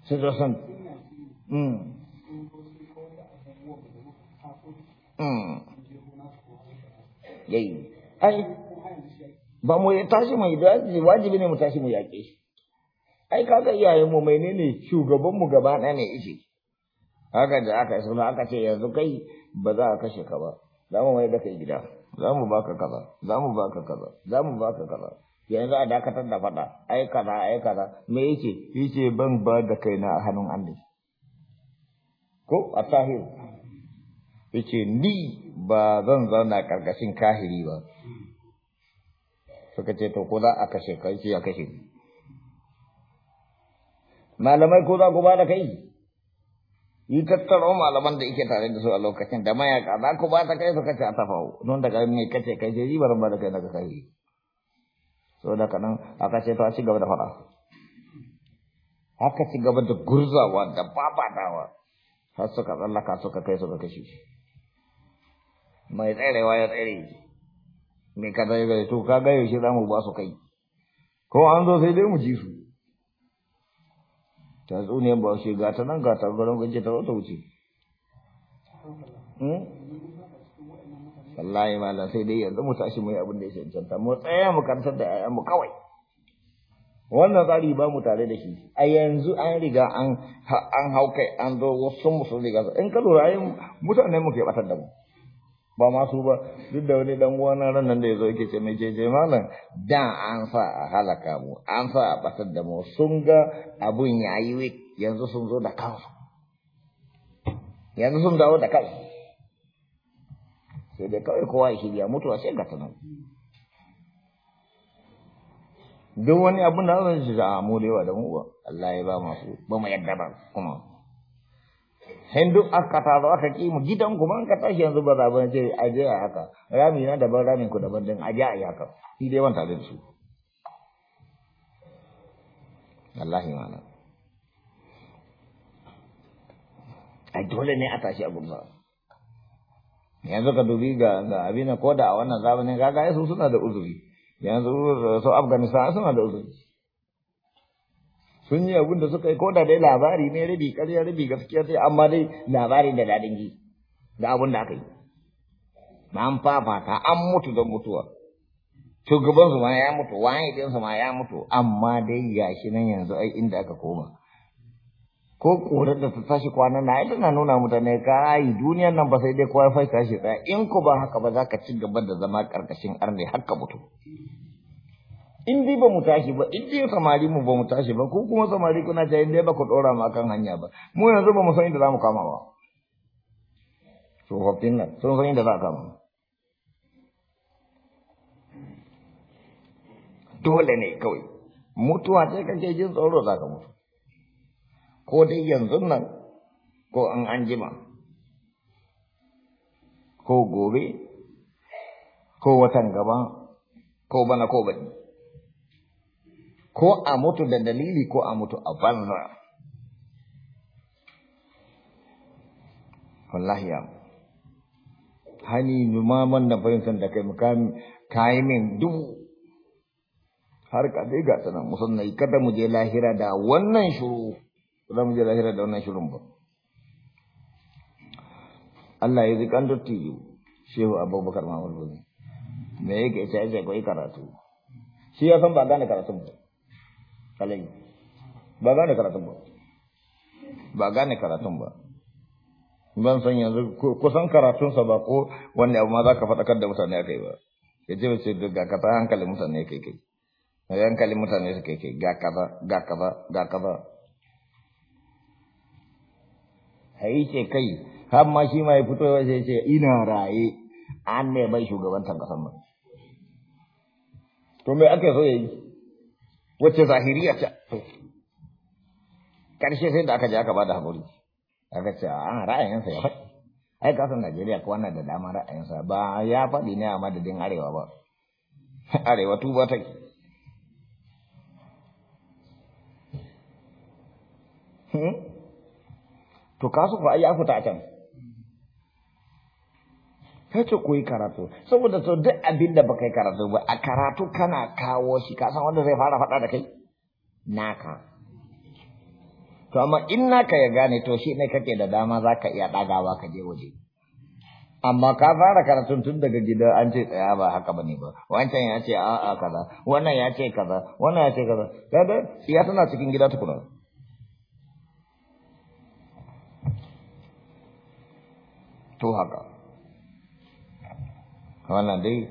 sai da san mm yayi ai ba mu tashi mu yi wajibi ne mu tashi mu yaƙe shi ai kaga iyayen mu menene shugaban mu gaba ɗaya ne ishe. haka da aka so aka ce yanzu kai ba za ka kashe ka ba za mu mai da kai gida za mu baka kaza za mu baka kaza za mu baka kaza yanzu a dakatar da faɗa ai kaza ai kaza me yake yake ban ba da kaina a hannun Allah ko a tahiru yace ni ba zan zauna karkashin kahiri ba suka ce to ko za a kashe kai shi a kashe malamai ko za ku ba da kai yi tattaro malaman da yake tare da su a lokacin da mayaka za ku ba ta kai suka ce a tafawo don daga mai kace kai sai ribar ba da kai daga kai so da kanan aka ce to a ci gaba da fara haka ci gaba da gurzawa da babadawa har suka tsallaka suka kai suka kashe shi mai wa ya tsere mai kada ya gari to kaga yaushe za mu ba su kai ko an zo sai dai mu ji su ta tsuniyar ba shi ga ta nan ga ta garin gaje ta wata wuce hmm? wallahi malam sai dai yanzu mu tashi mu yi abin da ya cancanta mu tsaya mu karantar da ƴaƴanmu kawai wannan tsari ba mu tare da shi a yanzu an riga an hau kai an zo wasu musu riga in ka lura ai mutane mu ke batar da mu ba masu ba duk da wani dan uwana ran nan da yazo yake ce mai jeje malam da an sa a halaka mu an sa a batar da mu sun ga abun yayi wai yanzu sun zo da kansu yanzu sun dawo da kansu sai dai kawai kowa ya shirya mutuwa sai ga nan duk wani abun da zan za a mulewa da mu Allah ya ba masu ba mu yadda ba kuma hindu aka taro aka ki mu gidan kuma man ka tashi yanzu ba za ba ce a je haka rami na daban ramin ku daban din a je a haka shi dai wanta da su wallahi na ai eh, dole ne a tashi a ba. yanzu ka dubi ga abin ko da a wannan zamanin gaga su suna da uzuri yanzu su afghanistan suna da uzuri sun yi abin da suka yi ko da dai labari ne rabi ƙarya rabi gaskiya sai amma dai labari da daɗin ji da abin da aka yi an fafata an mutu don mutuwa shugaban su ma ya mutu wani ɗin su ma ya mutu amma dai shi nan yanzu ai inda aka koma ko korar da ta tashi kwana na ai tana nuna mutane ka yi duniyar nan ba sai dai kowa ya tashi tsaya in ku ba haka ba za ka ci gaba da zama karkashin arne har ka mutu in dai ba mu tashi ba in dai samari mu ba mu tashi ba ko kuma samari kuna ta dai ba ku dora mu akan hanya ba mu yanzu ba mu san inda za mu kama ba tsofaffin nan sun san inda za a kama dole ne kawai mutuwa ce kake jin tsoro za ka mutu ko dai yanzu nan ko an an jima ko gobe ko watan gaba ko bana ko baɗi ko a mutu da dalili ko a mutu a banza wallahi ya hani numaman da fahimtar da kai mukami kayi min dubu har ka dai ga tana musannai kada mu je lahira da wannan shuru kada mu je lahira da wannan shurun ba Allah ya zikan dattijo shehu abubakar mahmud ne. me yake ita yake kai karatu shi ya san ba gane karatun ba salai ba gane karatun ba ba gane karatun ba ban san yanzu kusan karatunsa ba ko wanne abu ma za ka faɗakar da mutane akai ba ya ce ce ga kaza hankalin mutane kai kai hankalin mutane su kai kai ga kaza ga kaza ga kaza hayi ce kai har ma shi ma ya fito ya ce ina raye an ne bai shugabantar kasan nan to me ake so ya yi wacce zahiriya ta karshe sai da aka je aka da haƙuri aka ce a ra'ayinsa ya faɗi ai kasan Najeriya ko wannan da dama ra'ayinsa ba ya faɗi ne a madadin arewa ba arewa tuba take hmm? to kasu ko ai ya fita a can sai ce koyi karatu saboda to duk abin da baka yi karatu ba a karatu kana kawo shi ka san wanda zai fara faɗa da kai naka to amma in naka ya gane to shi ne kake da dama zaka iya ɗagawa ka je waje amma ka fara karatun tun daga gida an ce tsaya ba haka ba ne ba wancan ya ce a'a kaza wannan ya ce kaza wannan ya ce kaza kada ya tana cikin gida tukuna to haka wannan dai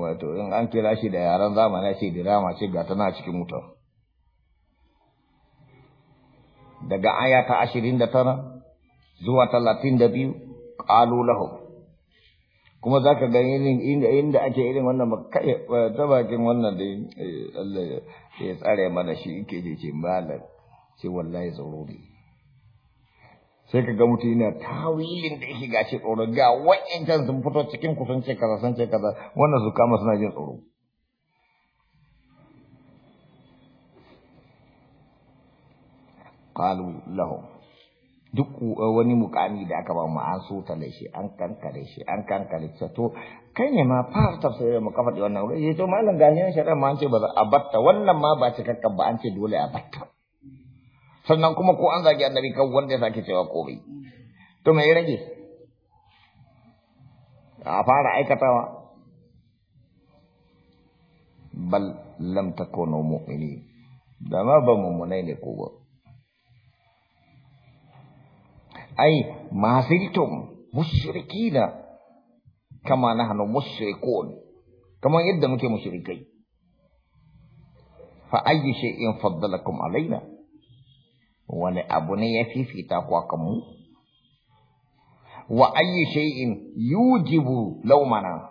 wato in an kira shi da yaren zamani ce dirama ce ga tana cikin wuta daga aya ta ashirin da tara zuwa talatin da biyu ƙalu kuma za ka gani inda inda ake irin wannan kai ta bakin wannan dai. Eh, Allah ya tsare mana shi yake ce malam sai wallahi zaruri sai ka ga mutum yana tawilin da yake gashi tsoro ga wa'yancan sun fito cikin ku sun ce kaza sun ce kaza wannan su kama suna jin tsoro Kalu lahum duk eh, wani mukami da aka ba mu an so tale shi an kankare shi an kankare shi to kai ne ma fara sai mu kafa wannan eh, to malam ganiyan shari'a ma an ce ba za a batta wannan ma ba cikakken ba an ce dole a batta sannan kuma ko an zagi annabi kan wanda ya sake cewa komai to me rage a fara aikatawa bal lam takunu mu'mini da ma ba mu munai ne ko ba ai ma siltum mushrikina kama nahnu mushrikun kama yadda muke mushrikai fa ayyi shay'in faddalakum alaina wani abu ne ya fifita kwakanmu? kanmu wa ayi shay'in yujibu laumana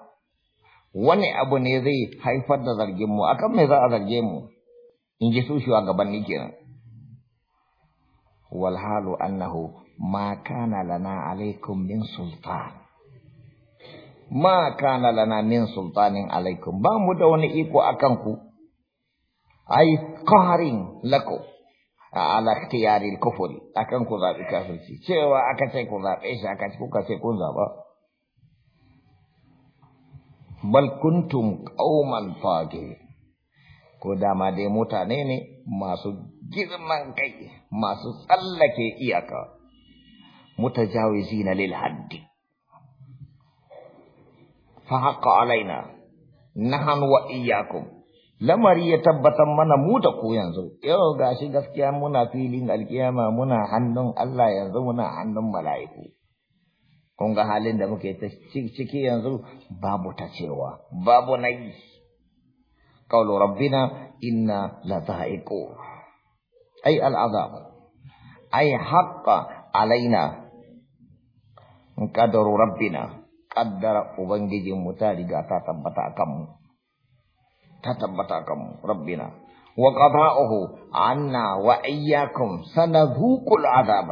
wani abu ne zai haifar da zargin mu akan me za a zarge mu in ji su shugabanni kenan wal halu annahu ma kana lana alaikum min sultan ma kana lana min sultanin alaikum ba mu da wani iko akan ku ai qaharin lakum على اختيار الكفر اكن كذاب كافر سي سوى اكن سيكون ذاب ايش اكن سيكون ذاب بل كنتم قوما فاجر كودا ما دي موتا نيني ما سو جرمان كي ما سو صلك اياك متجاوزين للحد فحق علينا نحن وإياكم lamari ya tabbatar mana mu da ko yanzu yau gashi gaskiya muna filin alkiyama muna hannun Allah yanzu muna hannun mala'iku kun ga halin da muke ciki yanzu babu ta cewa babu nayi qawlu rabbina inna la dha'iqu ay azab ay haqqa alaina qadaru rabbina qaddara ubangijin mu ta riga ta tabbata kanmu. تثبت كم ربنا وقضاؤه عنا وإياكم سنذوق العذاب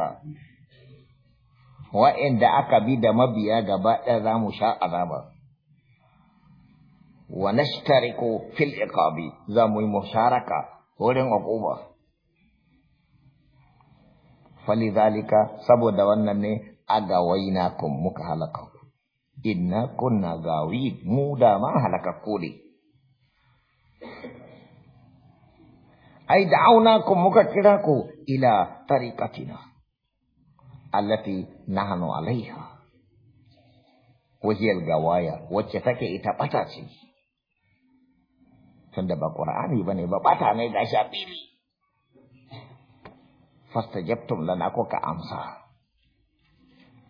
وإن دعك بيد مبيا قباء ذا مشاء عذابا ونشترك في العقاب ذا مشاركة ولن عقوبة فلذلك سبو دوانني أغويناكم مكهلكم inna kunna gawid mu da ma halakakku ne ai ku muka kira ku ila tariqatina allati nahnu alaiha ga gawaya wacce take ita bata ce tunda ba qur'ani bane ba bata ne ga shafiri a lana ko ka amsa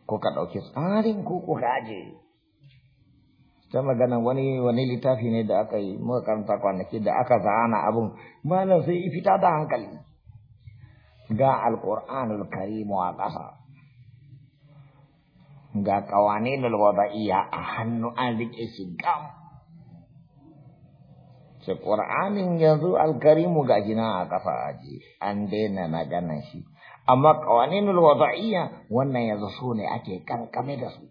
ko ka dauke tsarin ku ku gaje ta magana wani wani littafi ne da aka yi muka karanta kwanaki da aka zana abun malam sai yi fita da hankali ga Alkur'an karim a ƙasa ga qawaninul wada'iyya a hannu an rike shi gam ce qur'anin yanzu alkarimu ga gina a ƙasa aje an daina maganan shi amma qawaninul wada'iyya wannan yanzu su ne ake kankame da su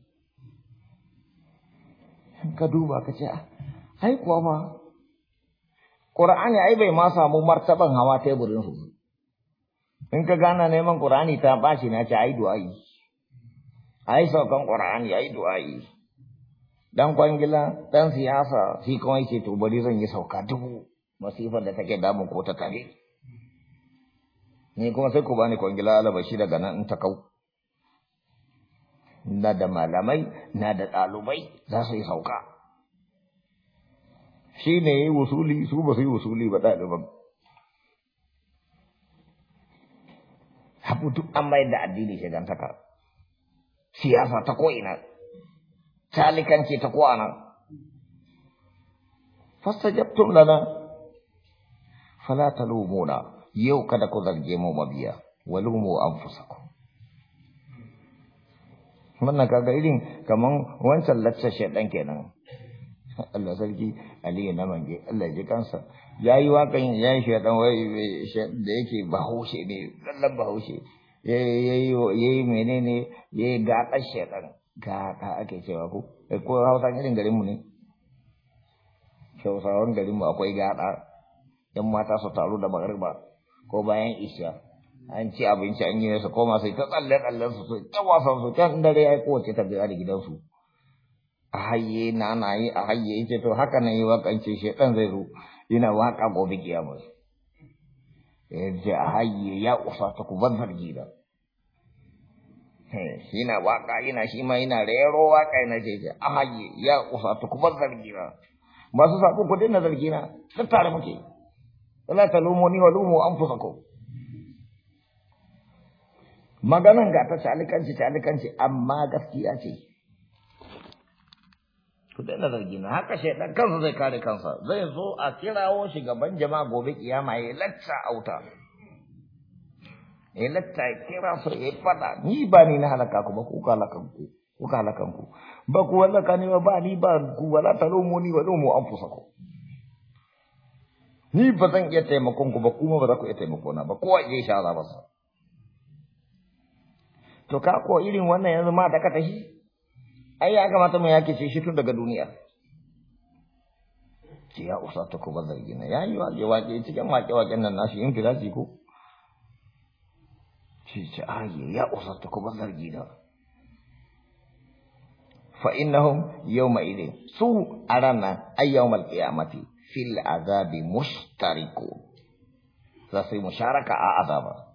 ka duba ka ce ai kuwa ma Qur'ani ai bai ma samu martaban hawa teburin su in ka gana neman Qur'ani ta bashi na ce ai du'ai ai saukan Qur'ani ai du'ai dan kwangila dan siyasa shi kuma yake to bari zan yi sauka dubu masifar da take damun ko ta kare ni kuma sai ku bani kwangila alaba shi daga nan in ta kau na da malamai na da ɗalibai za su yi sauka shi ne ya yi wasuli su ba su yi wasuli ba ɗaliban haɓutu an mayar da addini shigantaka siyasa ta ko'ina talikanci ta ko'ana fastajabtum lana fala talumuna yau kada ku zarge mu mabiya walumu anfusakum wannan kaga irin kaman wancan lacce shedan kenan Allah sarki Aliyu na mange Allah ji kansa yayi wakan yayi shedan wai da yake bahaushe ne lallan bahaushe yayi yayi menene yayi gaɗa ga ka ake cewa ko eh, ko Hausa irin garin mu ne Hausawan garin mu akwai gada yan mata su taru da magarba ko bayan isha an ci abinci an yi su koma sai ta tsalle tsallen su su ta wasan su can dare ai kowace ta biya da gidansu a hayye na na yi a hayye yace to haka na yi wakance dan zai zo yana waka gobe kiyama yace a hayye ya usa ta ku ban farji da na waka yana shi ma yana rero waka yana ce a hayye ya usa ta ku ban farji da masu sako ku dinna zargina tare muke lumo ni wa lumu anfusakum maganan ga ta salikanci salikanci amma gaskiya ce ku daina zargi na haka shaidan kansa zai kare kansa zai zo a kirawo shi gaban jama'a gobe kiyama ya lacca auta ya lacca ya kira su ya fada ni ba ni na halaka ku ba ku halakan ku ku halakan ku ba ku halaka ni ba ba ni ba ku wala talumu ni wa fusa anfusakum ni ba zan iya taimakon ku ba kuma ba za ku iya taimako na ba kowa iya sha za ba to ka ko irin wannan yanzu ma da ka tashi ai ya kamata mu yake ce shi tun daga duniya ce ya usa ta kuma zargi na yayi wake wake cikin wake waken nan nashi in kira shi ko ce ce ah, ayi ya usa ta kuma zargi na fa innahum yawma idin su arana ay yawmal qiyamati fil azabi mushtariku za su yi musharaka a azaba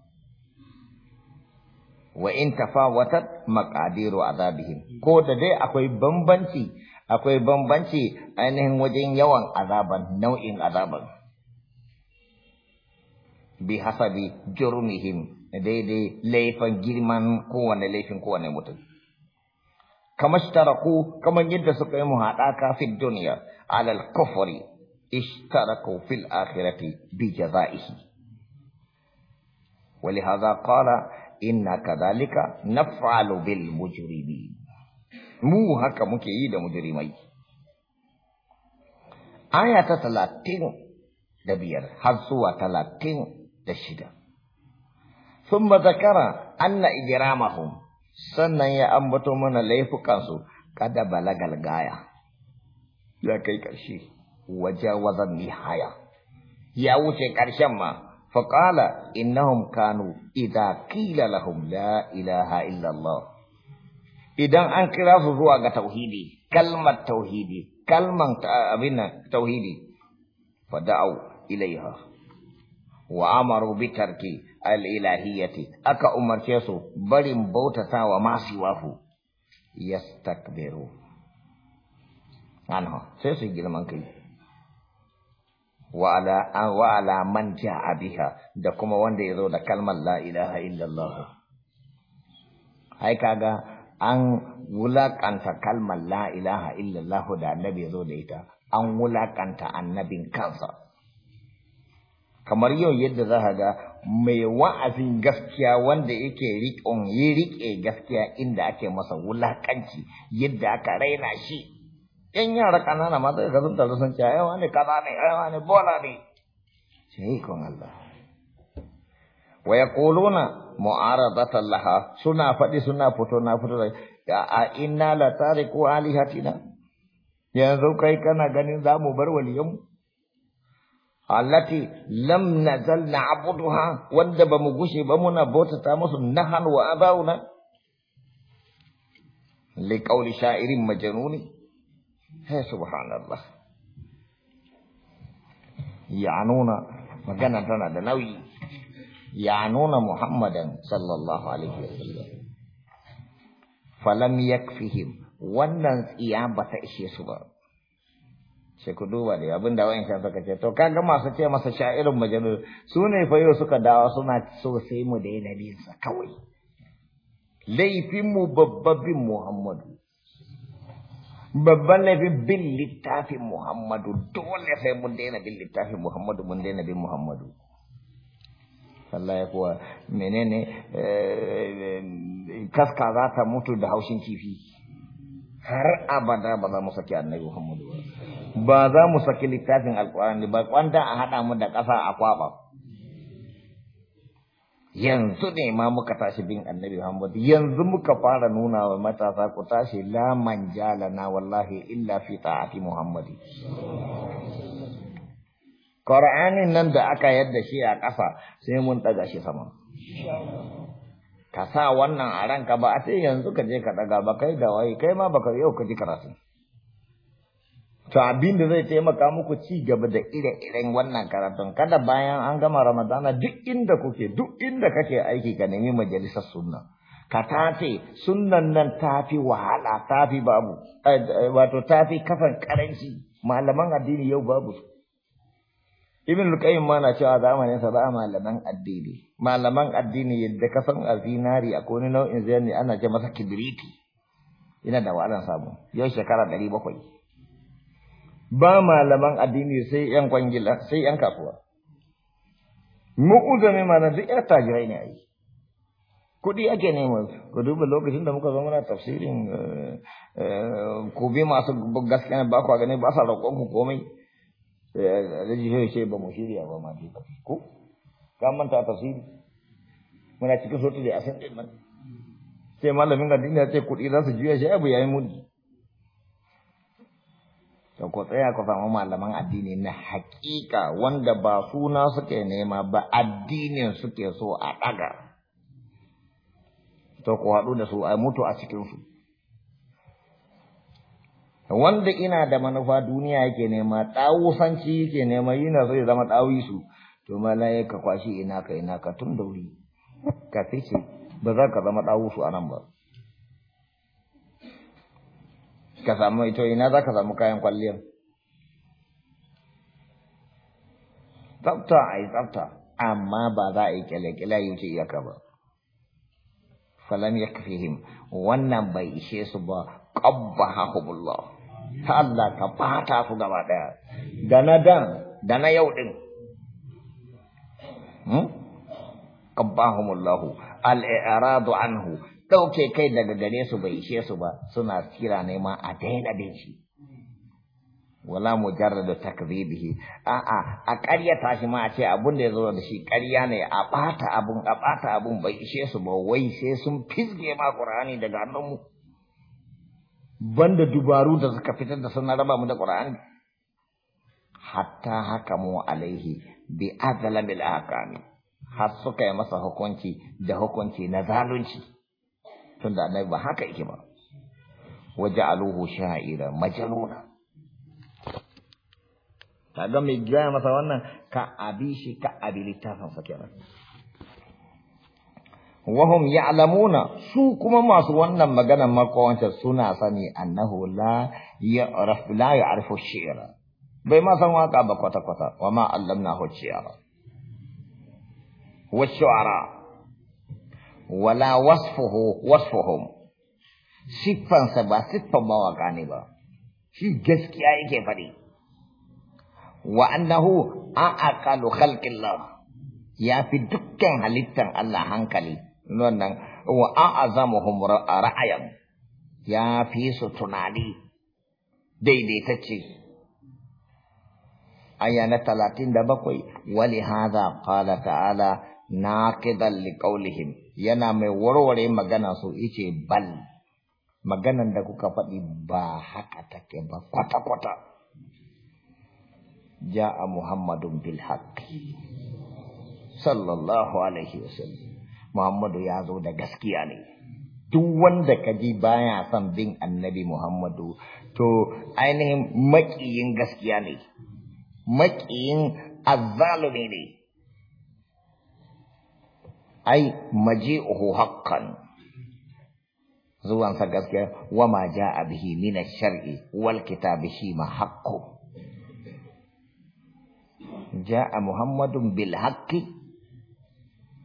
wa in tafawatat maqadiru azabihim ko da dai akwai bambanci akwai bambanci ainihin wajen yawan azaban nau'in azaban bi hasabi jurmihim daidai laifin girman kowane laifin kowane mutum kamar taraku kamar yadda suka yi muhaɗa kafin duniya alal kufri ishtaraku fil akhirati bi jazaihi ولهذا قال inna kadhalika naf'alu bil mujrimin mu haka muke yi da mujrimai aya ta 30 da biyar har zuwa 30 da shida thumma zakara anna ijramahum sannan ya ambato mana laifukansu kada balagal gaya ya kai karshe wajen wazan nihaya ya wuce ƙarshen ma فقال إنهم كانوا إذا قيل لهم لا إله إلا الله إذا أنكر زوا توحيدي كلمة توحيدي كلمة أبنا توحيدي فدعوا إليها وأمروا بترك الإلهية أكا أمر كيسو بوتا بوتة وما سواه يستكبروا عنها سيسي جلمان كيسو wa ala wa man ja'a biha da kuma wanda yazo da kalmar la ilaha illallah ai kaga an wulakanta kalmar la ilaha illallah da annabi yazo da ita an wulakanta annabin kansa kamar yau yadda za ka ga mai wa'azin gaskiya wanda yake riƙon yi riƙe gaskiya inda ake masa wulakanci yadda aka raina shi yan yara kanana mata da sun taru sun ce yawa ne kaza bola ne sai Allah wa yaquluna mu'aradatan laha suna faɗi suna fito na fito a inna la tariku alihatina yanzu kai kana ganin za mu bar waliyanmu allati lam nazal na'buduha wanda bamu gushe ba muna bautata musu nahan wa abauna li qawli sha'irin majnuni Hai subhanallah. Ya nuna magana tana da nauyi. Ya nuna Muhammadan sallallahu alaihi wa sallam. Falam yakfihim wannan tsiya ba ta ishe su ba. sai ku duba da abin da wa'ancan suka ce to kaga masu ce masa sha'irin majalul su ne fa yau suka dawo suna so sai mu daina kawai laifin mu babbabin muhammadu babban laifin bin littafin Muhammadu dole sai mun daina bin littafin Muhammadu mun daina bin Muhammadu Allah ya kuwa menene eh, kaska za ta mutu da haushin kifi har abada ba za mu saki annabi Muhammadu ba za mu saki littafin alkurani ba kwanta a haɗa mu da ƙasa a kwaɓa yanzu ne ma muka tashi bin annabi Muhammad yanzu muka fara nuna wa matasa ku tashi la manjala na wallahi illa fi ta'ati Muhammadi Qur'anin nan da aka yadda shi a ƙasa sai mun daga shi sama ka sa wannan a ranka ba a sai yanzu ka je ka daga ba kai da wai kai ma baka yau ka ji karatu To abinda zai taimaka muku ci gaba da ire-iren wannan karatun kada bayan an gama Ramadana duk inda kuke duk inda kake aiki ka nemi majalisar sunna. Ka tafi sunnan nan tafi wahala tafi babu eh, eh, wato tafi kafan karanci malaman addini yau babu. Ibn Luqayyim ma na cewa zamanin sa ba malaman addini. Malaman addini yadda kafan azinari a kone nau'in zai ana ce masa kibiriti. Ina da wahalar samu yau shekara ɗari ba malaman addini sai yan kwangila sai yan kasuwa mu'uzami mana duk yan tajirai ne ai kuɗi ake nema ku duba lokacin da muka zo muna tafsirin eh, eh, ku bi masu gaskiya ba ku gane ba sa roƙon ku komai rajishe eh, ce ba mu shirya ba ma dai ko ka manta tafsiri muna cikin sotu da asin din sai malamin addini ya ce kuɗi za su juya shi abu yayin muni da ku tsaya ku samu malaman addini na hakika wanda ba suna suke nema ba addinin suke so a ɗaga to ku haɗu da su a mutu a cikinsu wanda ina da manufa duniya yake nema ɗawusanci yake nema yana zai zama ɗawisu to malaye ka kwashi ina ka ina ka tun da wuri ka fice ba za ka zama ɗawusu a nan ba ka samu ito ina za ka samu kayan kwalliyar tsafta a yi tsafta amma ba za a yi kyale-kyale wuce iyaka ba Salam ya kafihim wannan bai ishe su ba ƙabba hakumullah ta Allah ka fata su gaba ɗaya da na dan da na yau ɗin ƙabba hmm? hakumullahu al'iradu anhu ɗauke kai daga gare su bai ishe su ba suna kira neman a daina bin shi wala mujarradu takdhibihi a a a ta shi ma a ce abun da ya zo da shi ƙarya ne a ɓata abun a ɓata abun bai ishe su ba wai sai sun fisge ma qur'ani daga hannunmu banda dubaru da suka fitar da suna raba mu da qur'ani hatta mu alaihi bi azlamil ahkami har suka yi masa hukunci da hukunci na zalunci tunda annabi ba haka yake ba waja'aluhu sha'ira majaluna kaga mai gaya masa wannan ka abi ka abi littafin sa kenan wahum ya'lamuna su kuma masu wannan magana makawanta suna sani annahu la ya'raf la ya'rifu shi'ra bai ma san waka ba kwata kwata wa ma allamnahu shi'ra wa shu'ara wala wasfuhu wasfuhum siffansa ba siffan mawaka ne ba shi gaskiya yake faɗi wa annahu a ya fi dukkan halittar Allah hankali wannan wa a'azamuhum ra'ayan ya fi su tunani daidaitacce aya na talatin da bakwai wali hada qala ta'ala naqidan liqaulihim yana mai warware magana so yace bal maganan da kuka faɗi ba haka take ba kwata-kwata a muhammadun bil haqqi sallallahu alaihi wasallam muhammadu ya zo da gaskiya ne duk wanda ka ji baya son bin annabi muhammadu to ainihin maƙiyin gaskiya ne maƙiyin azzalumi ne ai maji'uhu haqqan sa gaskiya wa ma ja'a bihi min ash-shar'i wal kitabi shi ma haqqu ja'a muhammadun bil haqqi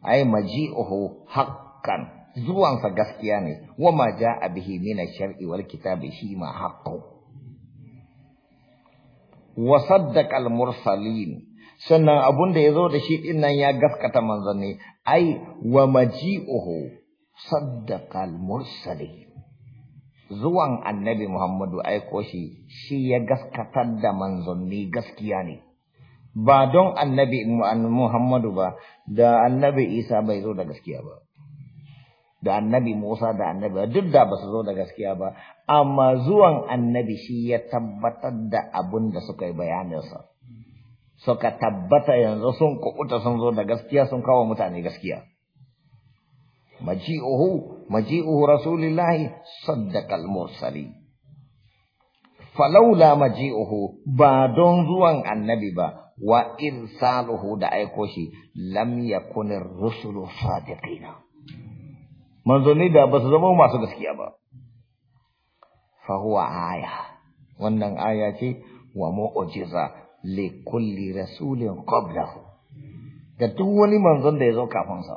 ai maji'uhu haqqan sa gaskiya ne wa ma ja'a bihi min ash-shar'i wal kitabi shi ma haqqu wa saddaqa al-mursalin sannan abun da yazo da shi dinnan ya gaskata manzanni ai wa maji'uhu saddaqa al zuwan annabi Muhammadu aiko shi shi ya gaskatar da ni gaskiya ne ba don annabi Muhammadu ba da annabi Isa bai zo da gaskiya ba da annabi Musa da annabi duk da ba su zo da gaskiya ba amma zuwan annabi shi ya tabbatar da abin da suka yi sa suka tabbata yanzu sun kukuta sun zo da gaskiya sun kawo mutane gaskiya maji'uhu maji'uhu rasulillahi saddaqal mursali falaula maji'uhu ba don zuwan annabi ba wa saluhu da aiko shi lamya kunin rusulu sadiqina manzoni da ba su zama masu gaskiya ba Fahuwa aya wannan aya ce wa mu'ujiza. likulli rasulin qablahu ga duk wani manzon da ya zo kafin sa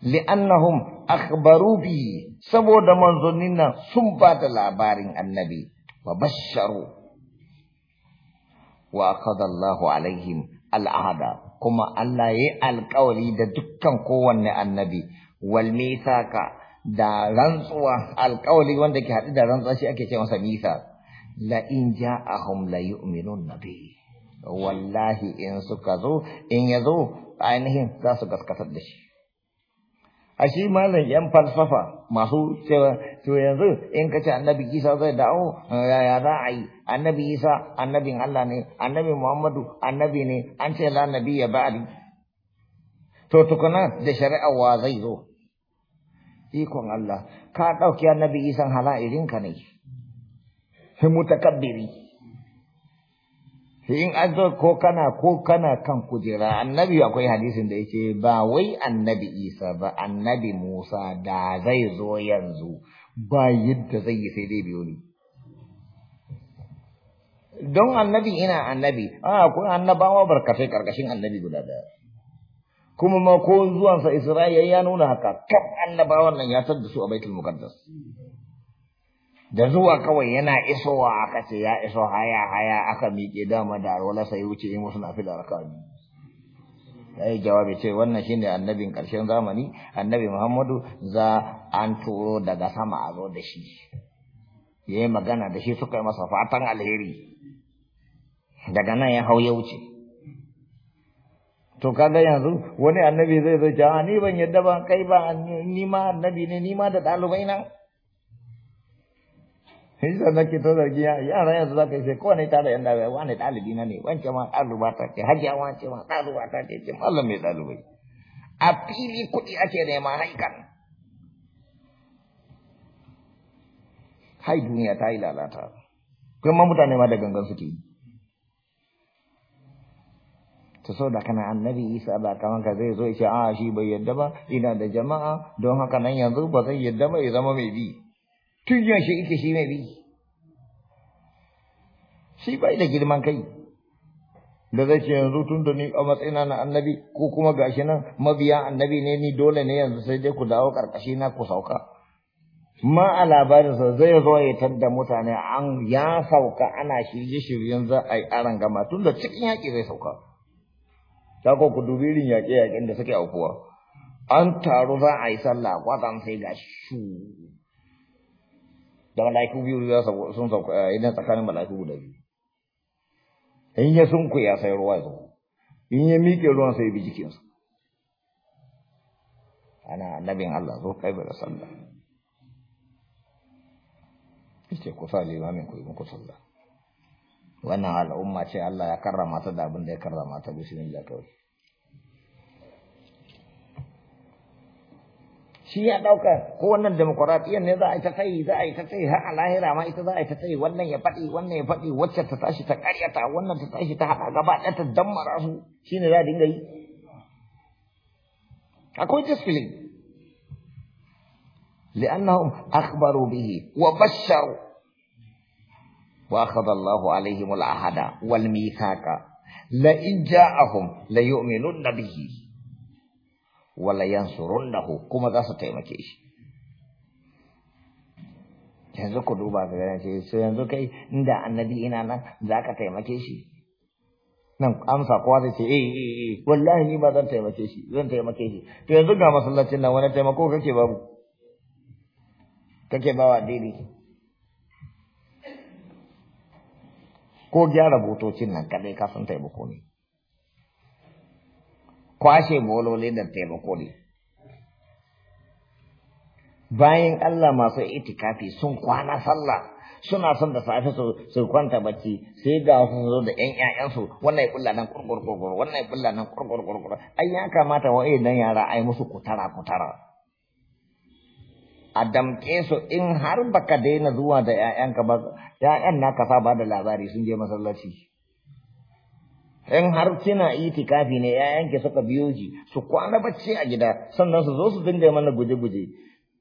li'annahum akhbaru bi saboda manzonin nan sun ba da labarin annabi wa basharu wa aqada Allahu alaihim al'ada. kuma Allah yayi alkawari da dukkan kowanne annabi wal mithaka da rantsuwa alƙawari wanda ke haɗu da rantsuwa shi ake ce masa mithaq la'in ja'ahum la yu'minun nabi wallahi in suka zo in ya zo ainihin za su gaskatar da shi a shi malam yan falsafa masu cewa to yanzu in ka ce annabi isa zai dawo yaya za a yi annabi isa annabin allah ne annabi muhammadu annabi ne an ce la nabi ya ba'di to tukuna da shari'a wa zai zo ikon allah ka ɗauki annabi isan hala'irinka ne sai mutakabbiri sai in an zo ko kana ko kana kan kujera annabi akwai hadisin da yake ba wai annabi isa ba annabi musa da zai zo yanzu ba yadda zai yi sai dai biyo ne. don annabi ina annabi a akwai annabawa barkatai karkashin annabi guda daya kuma ma ko zuwansa Isra'ila ya nuna haka kan annabawan nan ya tadda su a Baitul Muqaddas da zuwa kawai yana isowa a ce ya iso haya haya aka miƙe dama da rola sai wuce in wasu na fi da rakami sai jawabi ce wannan shine annabin ƙarshen zamani annabi Muhammadu za an turo daga sama a zo da shi yayi magana da shi suka yi masa fatan alheri daga nan ya hau ya wuce to kaga yanzu wani annabi zai zo ja ah, ni ban yadda ba kai ba ni ma annabi ne ni ma da ɗalibai na Hinsa na ke ta zargi yara yanzu za ka yi sai kowane ta da ya dawa wani ɗalibi na ne wance ma ɗaluba ta ce a wance ma ɗaluba ta ce ce mallam mai ɗalibai. A fili kuɗi ake nema haikan. Hai duniya ta yi lalata. Kuma mutane ma da gangan suke yi. ta so da kana annabi isa ba kaman ka zai zo ce a shi bai yadda ba ina da jama'a don haka nan yanzu ba zai yadda ba ya zama mai bi tun yan shi ike shi mai bi shi bai da girman kai da zai ce yanzu tun da ni a matsayina na annabi ko kuma gashi nan mabiya annabi ne ni dole ne yanzu sai dai ku dawo karkashi na ku sauka ma a labarinsa zai zo ya tadda mutane an ya sauka ana shirye-shiryen za a yi aran gama tun da cikin yaƙi zai sauka ta ko ku dubi irin yaƙe-yaƙen da suke aukuwa an taru za a yi sallah kwatsam sai ga shu da mala'iku biyu sun sauka eh, idan tsakanin mala'iku guda biyu in ya sunkuya sai ruwa zo in ya miƙe ruwan sai bi jikinsa ana annabin Allah zo kai bar sallah yace ku sa min ku yi muku sallah wannan al'umma ce Allah ya karrama ta da abin da ya karrama ta bismillah kawai shi ya ɗauka ko wannan demokuraɗiyyar ne za a yi ta tsayi za a yi ta tsayi har a lahira ma ita za a yi ta tsayi wannan ya faɗi wannan ya faɗi wacce ta tashi ta ƙaryata wannan ta tashi ta haɗa gaba ɗaya ta dammara su shi ne za a dinga yi akwai discipline لأنهم أخبروا به وبشروا وأخذ الله عليهم العهد والميثاق لئن جاءهم ليؤمنن به wala yansurunnahu kuma za su taimake shi yanzu ku duba ka gani ce so yanzu kai inda annabi ina nan za ka taimake shi nan amsa kowa zai ce eh eh, eh, eh wallahi ni ba zan taimake shi zan taimake shi to yanzu ga masallacin nan wani taimako kake babu kake bawa dini ko gyara butocin nan kadai ka san taimako ne kwashe bololi da taimako ne bayan Allah masu itikafi sun kwana sallah suna son da safe su su kwanta bacci sai ga su zo da ƴan ƴaƴansu wannan ya kulla nan kurkur kurkur wannan ya kulla nan kurkur kurkur ai ya kamata wa dan yara ai musu kutara kutara a damke su in har baka daina zuwa da ƴaƴanka ba ƴaƴan naka fa ba da labari sun je masallaci in har kina itikafi ne ƴaƴanki suka biyo ji su kwana bacci a gida sannan su zo su dinga mana guje-guje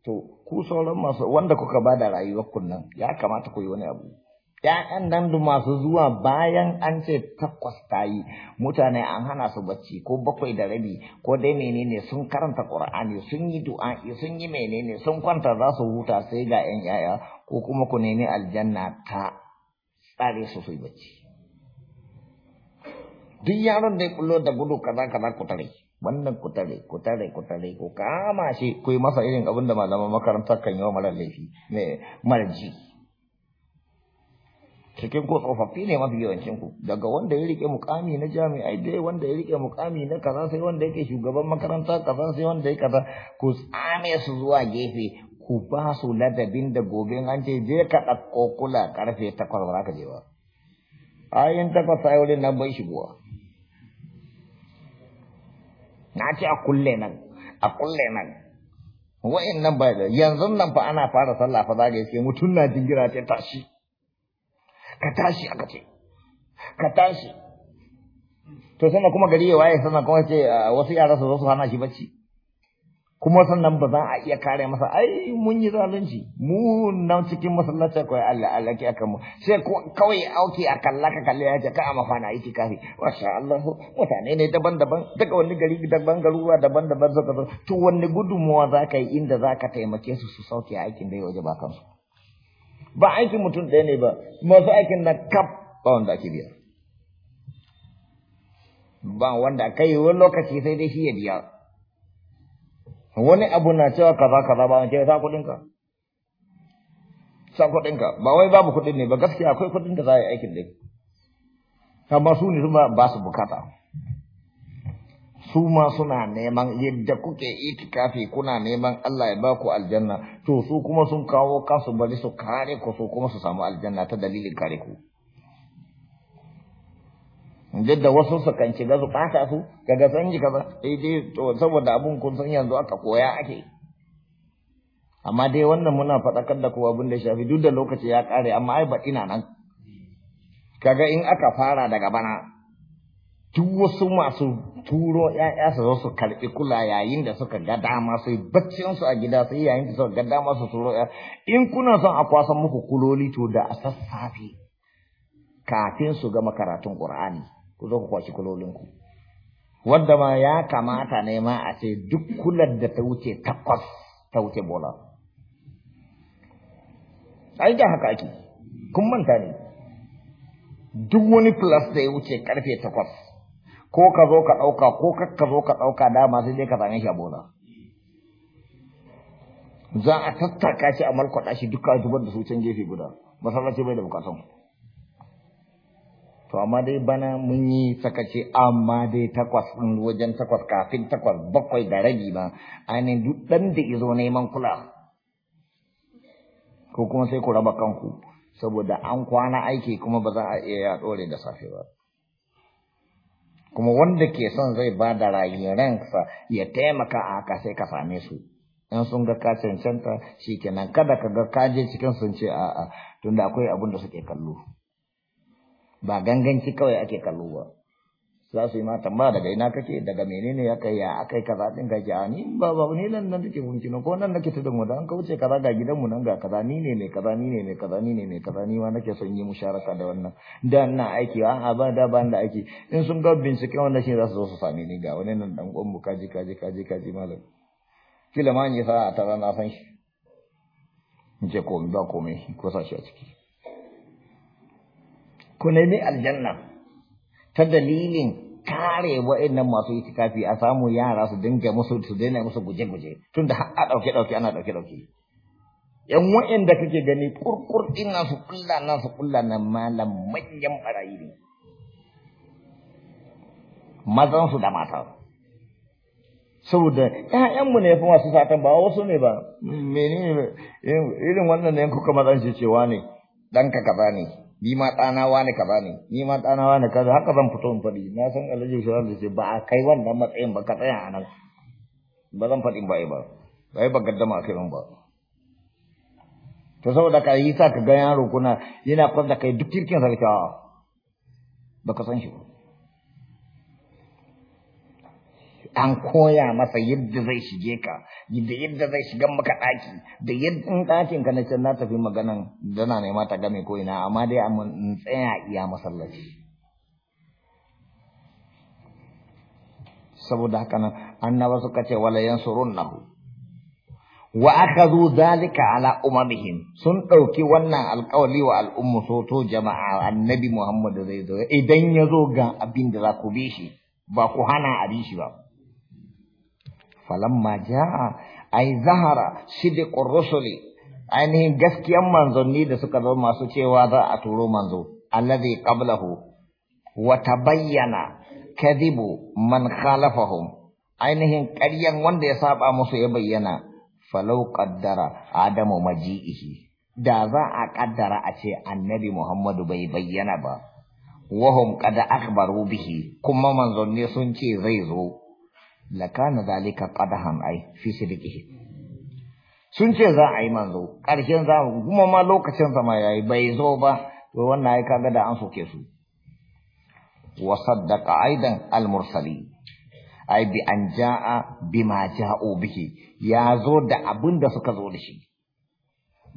to ku sauran masu wanda kuka ba da rayuwar kunnan ya kamata ku yi wani abu ƴaƴan nan da masu zuwa bayan an ce takwas ta yi mutane an hana su bacci ko bakwai da rabi ko dai menene sun karanta qur'ani sun yi du'a'i sun yi menene sun kwanta za su huta sai ga 'yan 'ya'ya, ko kuma ku nemi aljanna ta tsare su su yi bacci duk yaron da ya kullo da gudu kaza kaza ku tare wannan ku tare ku tare ku tare kama shi ku yi masa irin abin da malaman makarantar kan yi wa mara laifi marji cikin ko tsofaffi ne mafi yawancin ku daga wanda ya rike mukami na jami'ai dai wanda ya rike mukami na kaza sai wanda yake shugaban makaranta kaza sai wanda ya kaza ku tsame su zuwa gefe ku ba su ladabin da gobe an ce je ka ɗauko kula karfe takwas ba za ka je ba ayin takwas sai wurin nan bai shigowa na ce a kulle nan a kulle nan wa'in nan ba yanzu nan fa ana fara sallah fa zaga yake mutum na jingira ce tashi ka tashi aka ce ka tashi to sannan kuma gari ya waye sannan kuma ce ah, wasu yara su zo su hana shi bacci kuma sannan ba za a iya kare masa ai mun yi zalunci mu nan cikin masallaci ko Allah Allah ke aka mu sai ko kawai auki a kalla ka kalle ya ka amma fa na yi kafi masha Allah mutane ne daban-daban daga wani gari daban garuruwa daban-daban zaka zo to wanne gudunmuwa zaka ka yi inda zaka ka taimake su su sauke aikin da ya waje ba su? ba aikin mutum ɗaya ne ba masu aikin na kap ba wanda ake biya ba wanda kai wani lokaci sai dai shi ya biya wani abu na cewa kaza kaza ba ce sa kuɗin ka sa kuɗin ka ba wai babu kuɗin ne ba gaskiya akwai kuɗin da za a yi aikin din ba su ne ba su bukata su ma suna neman yadda kuke itikafi kuna neman Allah ya baku aljanna to su kuma sun kawo kasu bari su kare ku su kuma su samu aljanna ta dalilin kare ku duk da wasu su kan shiga su fata su daga san ji kaza eh dai to saboda abun kun san yanzu aka koya ake amma dai wannan muna faɗakar da kowa abin da shafi duk da lokaci ya kare amma ai ba ina nan kaga in aka fara daga bana duk wasu masu turo ‘ya'ya su zo su karɓi kula yayin da suka ga dama sai su a gida sai yayin da suka ga dama su turo ‘ya in kuna son a kwasan muku kuloli to da a sassafe kafin su gama karatun ƙur'ani ku zo ku kwashi kulolinku wanda ma ya kamata ne ma a ce duk kular da ta wuce takwas ta wuce bola ai da haka ake kun manta ne duk wani plus da ya wuce karfe takwas ko ka zo ka ɗauka ko ka zo ka ɗauka dama sai dai ka same shi a bola za a tattaka shi a malkwaɗa shi duka zubar da su can gefe guda masallaci bai da bukatan. to amma dai bana mun yi sakaci amma dai takwas ɗin wajen takwas kafin takwas bakwai da ragi ba ainihin duk ɗan da izo neman kula ko kuma sai ku raba kanku saboda an kwana aiki kuma ba za a iya ya ɗore da safe ba kuma wanda ke son zai ba da rayuwarsa ya taimaka a haka sai ka same su in sun ga ka cancanta shi kenan kada ka ga kaje cikin sun ce a'a tunda akwai abin da suke kallo ba ganganci kawai ake kallo ba za su yi ma tambaya daga ina kake daga menene ya kai ya akai kaza din ga a ni ba ba ni nan nan take kina ko nan nake ta damu da an kauce kaza ga gidan mu nan ga kaza ni ne mai kaza ni ne mai kaza ni ne mai kaza ni ma nake son yi musharaka da wannan dan na aiki a a ba da ban da aiki in sun ga bincike wannan shi za su zo su sami ni ga wani nan dan uwan mu kaji kaji kaji kaji malam kila ma ni sa a tara na san shi in komai ba komai ko sa shi a ciki ku nemi aljanna ta dalilin kare wa'annan masu itikafi a samu yara su dinga musu su daina musu guje-guje tunda har a dauke dauke ana dauke dauke yan wa'anda kake gani kurkur ina su kulla na su kulla na malam manyan barayi ne mazan su da mata saboda ƴaƴanmu ne fa masu satan ba wasu ne ba menene irin wannan ne kuka mazan shi cewa ne dan ka kaza ne ni ma ɗana wani ka ne ni ma ɗana wani kaza haka zan fito in faɗi na san alhaji shirar da ce ba a kai wannan matsayin ba ka tsaya a nan ba zan faɗi ba ba ba ba gaddama a kai ba to saboda ka yi sa ka ga yaro kuna yana kwanda kai duk kirkin sarki ba ka san shi ba an koya masa yadda zai shige ka da yadda zai shiga maka ɗaki da yadda in ɗakin ka na ce na tafi maganan dana nema ta game ko ina amma dai in tsaya iya masallaci saboda haka nan annaba suka ce wala yansurunnahu wa akhadhu dhalika ala umamihim sun dauki wannan alƙawali wa al'ummu soto jama'a annabi Muhammad zai zo idan ya zo ga abin da za ku bi shi ba ku hana a bi shi ba falamma jaa ai zahara sidiqur rusuli ainihin gaskiyan manzanni da suka zo masu cewa za a turo manzo allazi qablahu wa tabayyana kadhibu man khalafahum ainihin ƙaryan wanda ya saba musu ya bayyana falau qaddara adamu maji'ihi da za a kaddara a ce annabi Muhammadu bai bayyana ba wahum qad akhbaru bihi kuma manzanni sun ce zai zo lakana zalika qadahan ai fi sidqihi sun ce za a yi manzo ƙarshen za kuma ma lokacin sama yayi bai zo ba to wannan ai kaga da an soke su wa saddaqa aidan al mursali ai bi an jaa bima ja'u bihi ya zo da abinda suka zo da shi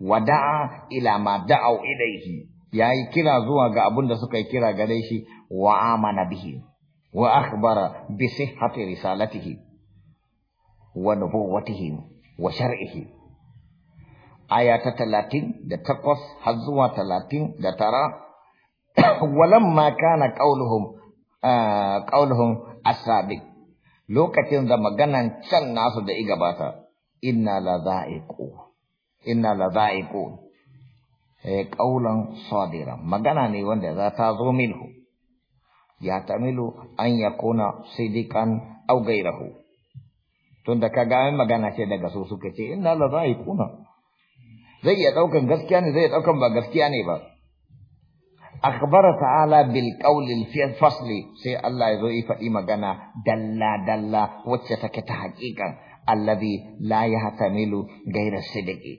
wada'a ila ma da'u ilaihi yayi kira zuwa ga abin suka yi kira gare shi wa amana bihi وأخبر بصحة رسالته ونبوته وشرعه آيات 30 تقص حزوة 30 ترى ولما كان قولهم آه قولهم السابق لوكتين ذا مغنان شن ناس دا إيقاباتا إنا لذائقون إنا لذائقون قولا صادرا مغناني وانده ذا تازو منه an أن يكون صديقا أو غيره tunda kaga an magana ce daga su suka ce inna la zaikuna zai iya daukan gaskiya ne zai iya daukan ba gaskiya ne ba akbara ta'ala bil qawli fi fasli sai Allah ya zo yi faɗi magana dalla dalla wacce take ta haƙiƙan alladhi la yahtamilu Gaira sidqi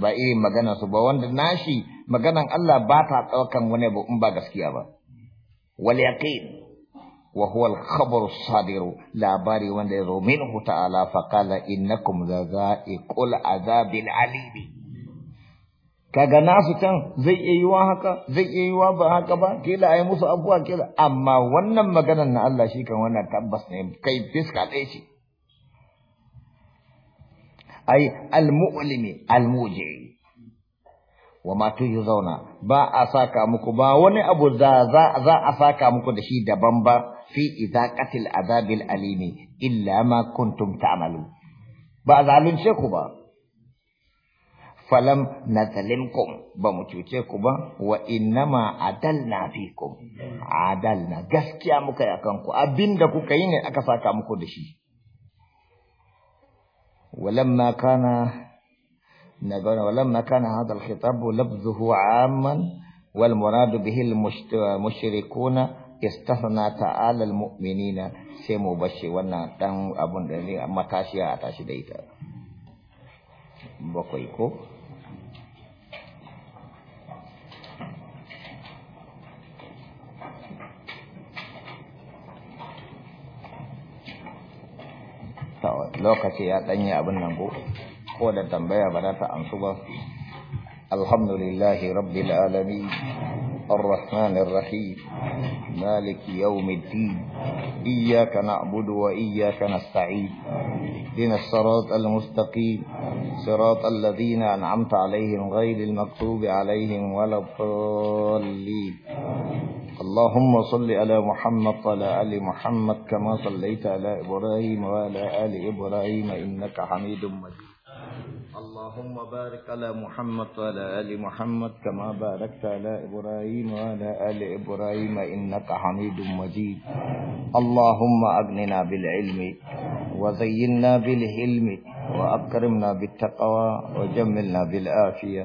ba irin magana su ba wanda nashi maganan Allah ba ta daukan wani ba in ba gaskiya ba واليقين وهو الخبر الصادر لا باري وندر منه تعالى فقال إنكم لذائق العذاب العليم kaga nasu can zai iya yiwa haka zai iya yiwa ba haka ba kila ai musu abuwa kila amma wannan maganar na Allah shi kan wannan tabbas ne kai fiska ɗaya ce ai al-mu'limi al-muji'i wa ma tuyu zauna ba a saka muku ba wani abu za za a saka muku da shi daban ba fi idaqatil azabil alimi illa ma kuntum ta'malu ba zalunce ku ba falam nazalimkum ba mu cuce ku ba wa innama adalna fikum adalna gaskiya muka yi akan ku abinda kuka yi ne aka saka muku da shi walamma kana ولما كان هذا الخطاب لفظه عاما والمراد به المشركون استثنى تعالى المؤمنين سيمو بشي وانا تان ابون دني متاشيا اتاشي ديتا بكوي كو lokaci ya ابن نبو ko da tambaya ba za ta amsu ba alhamdulillahi rabbil alamin الرحمن الرحيم مالك يوم الدين إياك نعبد وإياك نستعين دين الصراط المستقيم صراط الذين أنعمت عليهم غير المكتوب عليهم ولا الضالين اللهم صل على محمد وعلى آل محمد كما صليت على إبراهيم وعلى آل إبراهيم إنك حميد مجيد اللهم بارك على محمد وعلى آل محمد كما باركت على إبراهيم وعلى آل إبراهيم إنك حميد مجيد اللهم أغننا بالعلم وزينا بالحلم وأكرمنا بالتقوى وجملنا بالعافيه